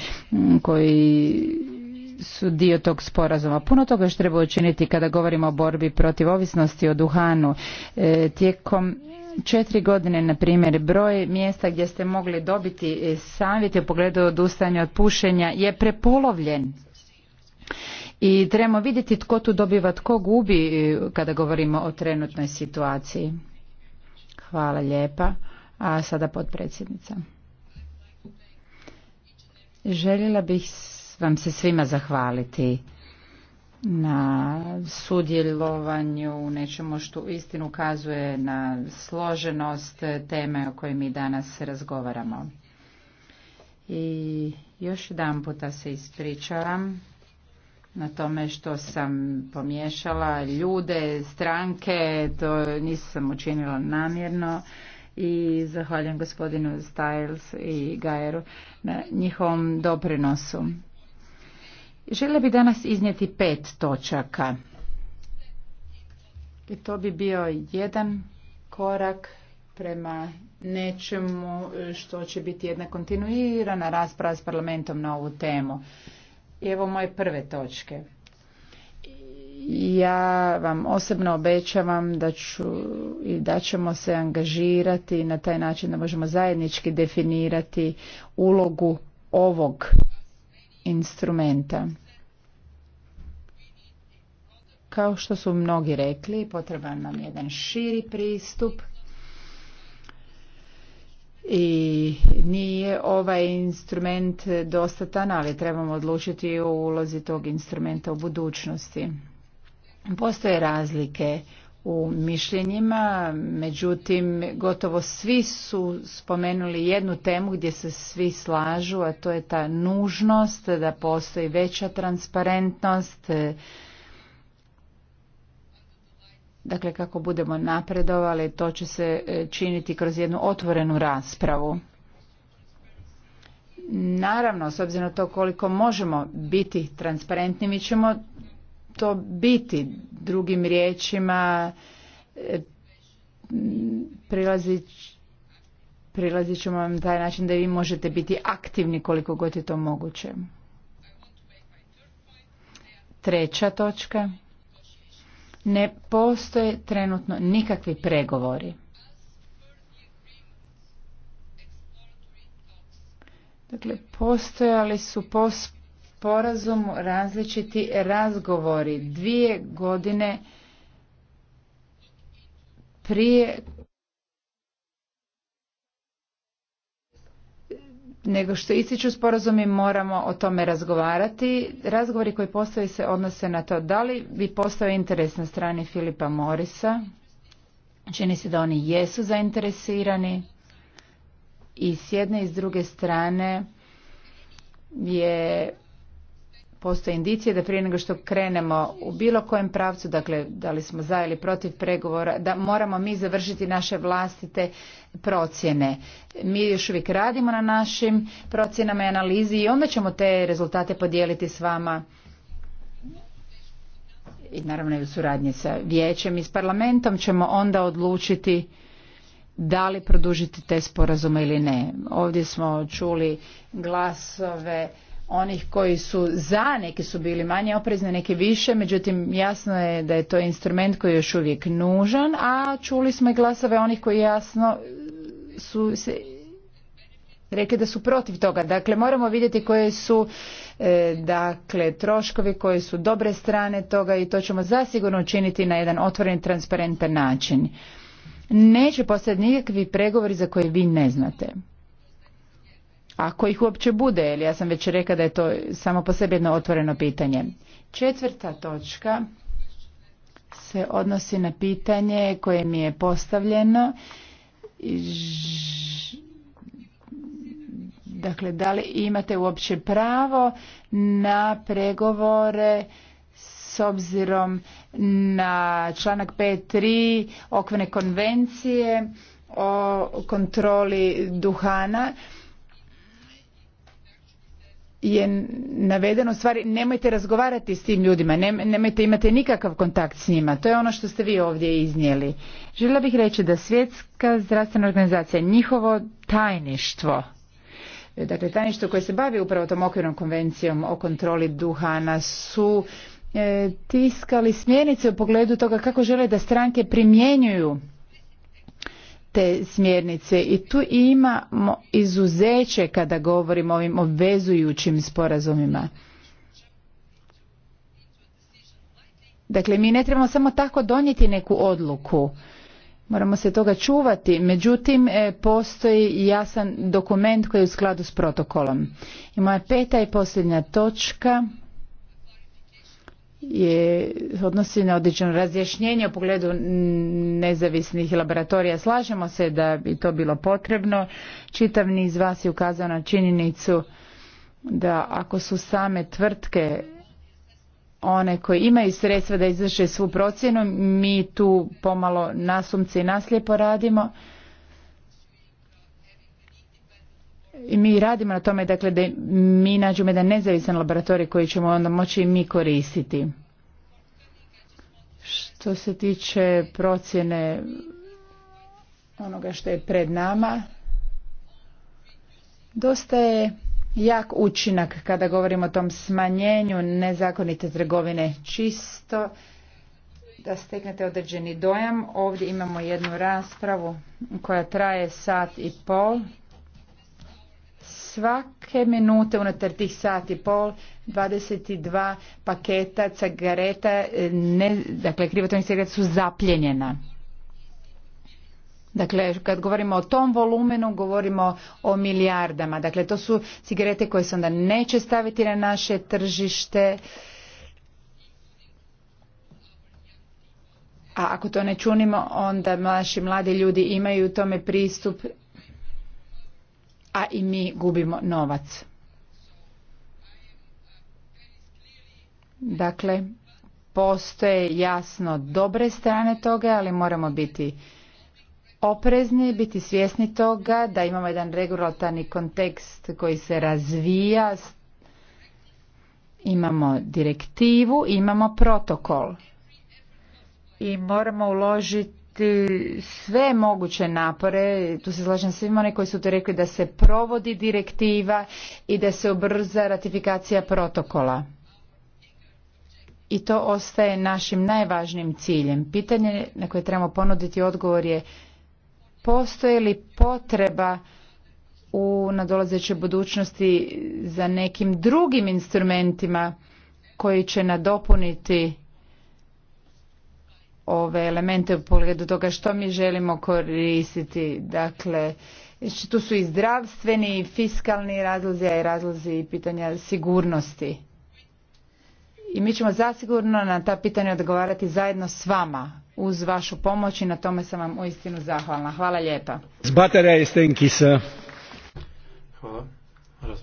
koji su dio tog sporazuma. Puno toga još treba učiniti kada govorimo o borbi protiv ovisnosti o duhanu. E, tijekom četiri godine, na primjer, broj mjesta gdje ste mogli dobiti savjete u pogledu odustajanja od pušenja je prepolovljen. I trebamo vidjeti tko tu dobiva, tko gubi e, kada govorimo o trenutnoj situaciji. Hvala lijepa. A sada potpredsjednica. Željela bih vam se svima zahvaliti na sudjelovanju u nečemu što istinu ukazuje na složenost teme o kojoj mi danas razgovaramo. I još jedan puta se ispričavam na tome što sam pomiješala ljude, stranke, to nisam učinila namjerno i zahvaljujem gospodinu Stiles i Gajeru na njihovom doprinosu. Žele bi danas iznijeti pet točaka. I to bi bio jedan korak prema nečemu što će biti jedna kontinuirana rasprava s parlamentom na ovu temu. I evo moje prve točke. Ja vam osobno obećavam da ću i da ćemo se angažirati na taj način da možemo zajednički definirati ulogu ovog instrumenta. Kao što su mnogi rekli, potreban nam jedan širi pristup i nije ovaj instrument dostatan, ali trebamo odlučiti o ulozi tog instrumenta u budućnosti. Postoje razlike u mišljenjima, međutim gotovo svi su spomenuli jednu temu gdje se svi slažu, a to je ta nužnost da postoji veća transparentnost, dakle kako budemo napredovali to će se e, činiti kroz jednu otvorenu raspravu. Naravno, s obzirom na to koliko možemo biti transparentni, mi ćemo to biti. Drugim riječima e, prilazit prilazit ćemo vam taj način da vi možete biti aktivni koliko god je to moguće. Treća točka. Ne postoje trenutno nikakvi pregovori. Dakle, postojali su post sporazumu različiti razgovori dvije godine prije nego što ističu sporazumi moramo o tome razgovarati. Razgovori koji postoje se odnose na to da li bi postao interes na strani Filipa Morisa. Čini se da oni jesu zainteresirani i s jedne i s druge strane je postoje indicije da prije nego što krenemo u bilo kojem pravcu, dakle da li smo za ili protiv pregovora, da moramo mi završiti naše vlastite procjene. Mi još uvijek radimo na našim procjenama i analizi i onda ćemo te rezultate podijeliti s vama i naravno i u suradnji sa vijećem i s parlamentom ćemo onda odlučiti da li produžiti te sporazume ili ne. Ovdje smo čuli glasove onih koji su za, neki su bili manje oprezni, neki više, međutim jasno je da je to instrument koji je još uvijek nužan, a čuli smo i glasove onih koji jasno e, su se rekli da su protiv toga. Dakle, moramo vidjeti koje su e, dakle, troškovi, koje su dobre strane toga i to ćemo zasigurno učiniti na jedan otvoren, transparentan način. Neće postojati nikakvi pregovori za koje vi ne znate ako ih uopće bude, jer ja sam već rekla da je to samo po sebi jedno otvoreno pitanje. Četvrta točka se odnosi na pitanje koje mi je postavljeno. Dakle, da li imate uopće pravo na pregovore s obzirom na članak 5.3 okvene konvencije o kontroli duhana? je navedeno stvari nemojte razgovarati s tim ljudima, nemojte imati nikakav kontakt s njima. To je ono što ste vi ovdje iznijeli. Žela bih reći da svjetska zdravstvena organizacija, njihovo tajništvo, dakle tajništvo koje se bavi upravo tom okvirnom konvencijom o kontroli duhana su e, tiskali smjernice u pogledu toga kako žele da stranke primjenjuju te smjernice i tu imamo izuzeće kada govorimo o ovim obvezujućim sporazumima. Dakle, mi ne trebamo samo tako donijeti neku odluku. Moramo se toga čuvati, međutim e, postoji jasan dokument koji je u skladu s protokolom. I moja peta i posljednja točka je, odnosi na odlično razjašnjenje u pogledu nezavisnih laboratorija. Slažemo se da bi to bilo potrebno. Čitav niz vas je ukazao na činjenicu da ako su same tvrtke one koje imaju sredstva da izvrše svu procjenu, mi tu pomalo nasumce i naslijepo radimo. I mi radimo na tome dakle da mi nađemo jedan nezavisan laboratorij koji ćemo onda moći mi koristiti. Što se tiče procjene onoga što je pred nama, dosta je jak učinak kada govorimo o tom smanjenju nezakonite trgovine čisto da steknete određeni dojam. Ovdje imamo jednu raspravu koja traje sat i pol svake minute unutar tih sati pol 22 paketa cigareta, e, ne, dakle tom cigareta su zapljenjena. Dakle, kad govorimo o tom volumenu, govorimo o milijardama. Dakle, to su cigarete koje se onda neće staviti na naše tržište. A ako to ne čunimo, onda naši mladi ljudi imaju u tome pristup a i mi gubimo novac. Dakle, postoje jasno dobre strane toga, ali moramo biti oprezni, biti svjesni toga da imamo jedan regulatorni kontekst koji se razvija. Imamo direktivu, imamo protokol i moramo uložiti sve moguće napore, tu se slažem svima onima koji su to rekli da se provodi direktiva i da se ubrza ratifikacija protokola. I to ostaje našim najvažnijim ciljem. Pitanje na koje trebamo ponuditi odgovor je postoje li potreba u nadolazećoj budućnosti za nekim drugim instrumentima koji će nadopuniti ove elemente u pogledu toga što mi želimo koristiti. Dakle, tu su i zdravstveni i fiskalni razlozi, a i razlozi i pitanja sigurnosti. I mi ćemo zasigurno na ta pitanja odgovarati zajedno s vama uz vašu pomoć i na tome sam vam uistinu zahvalna. Hvala lijepa. Hvala.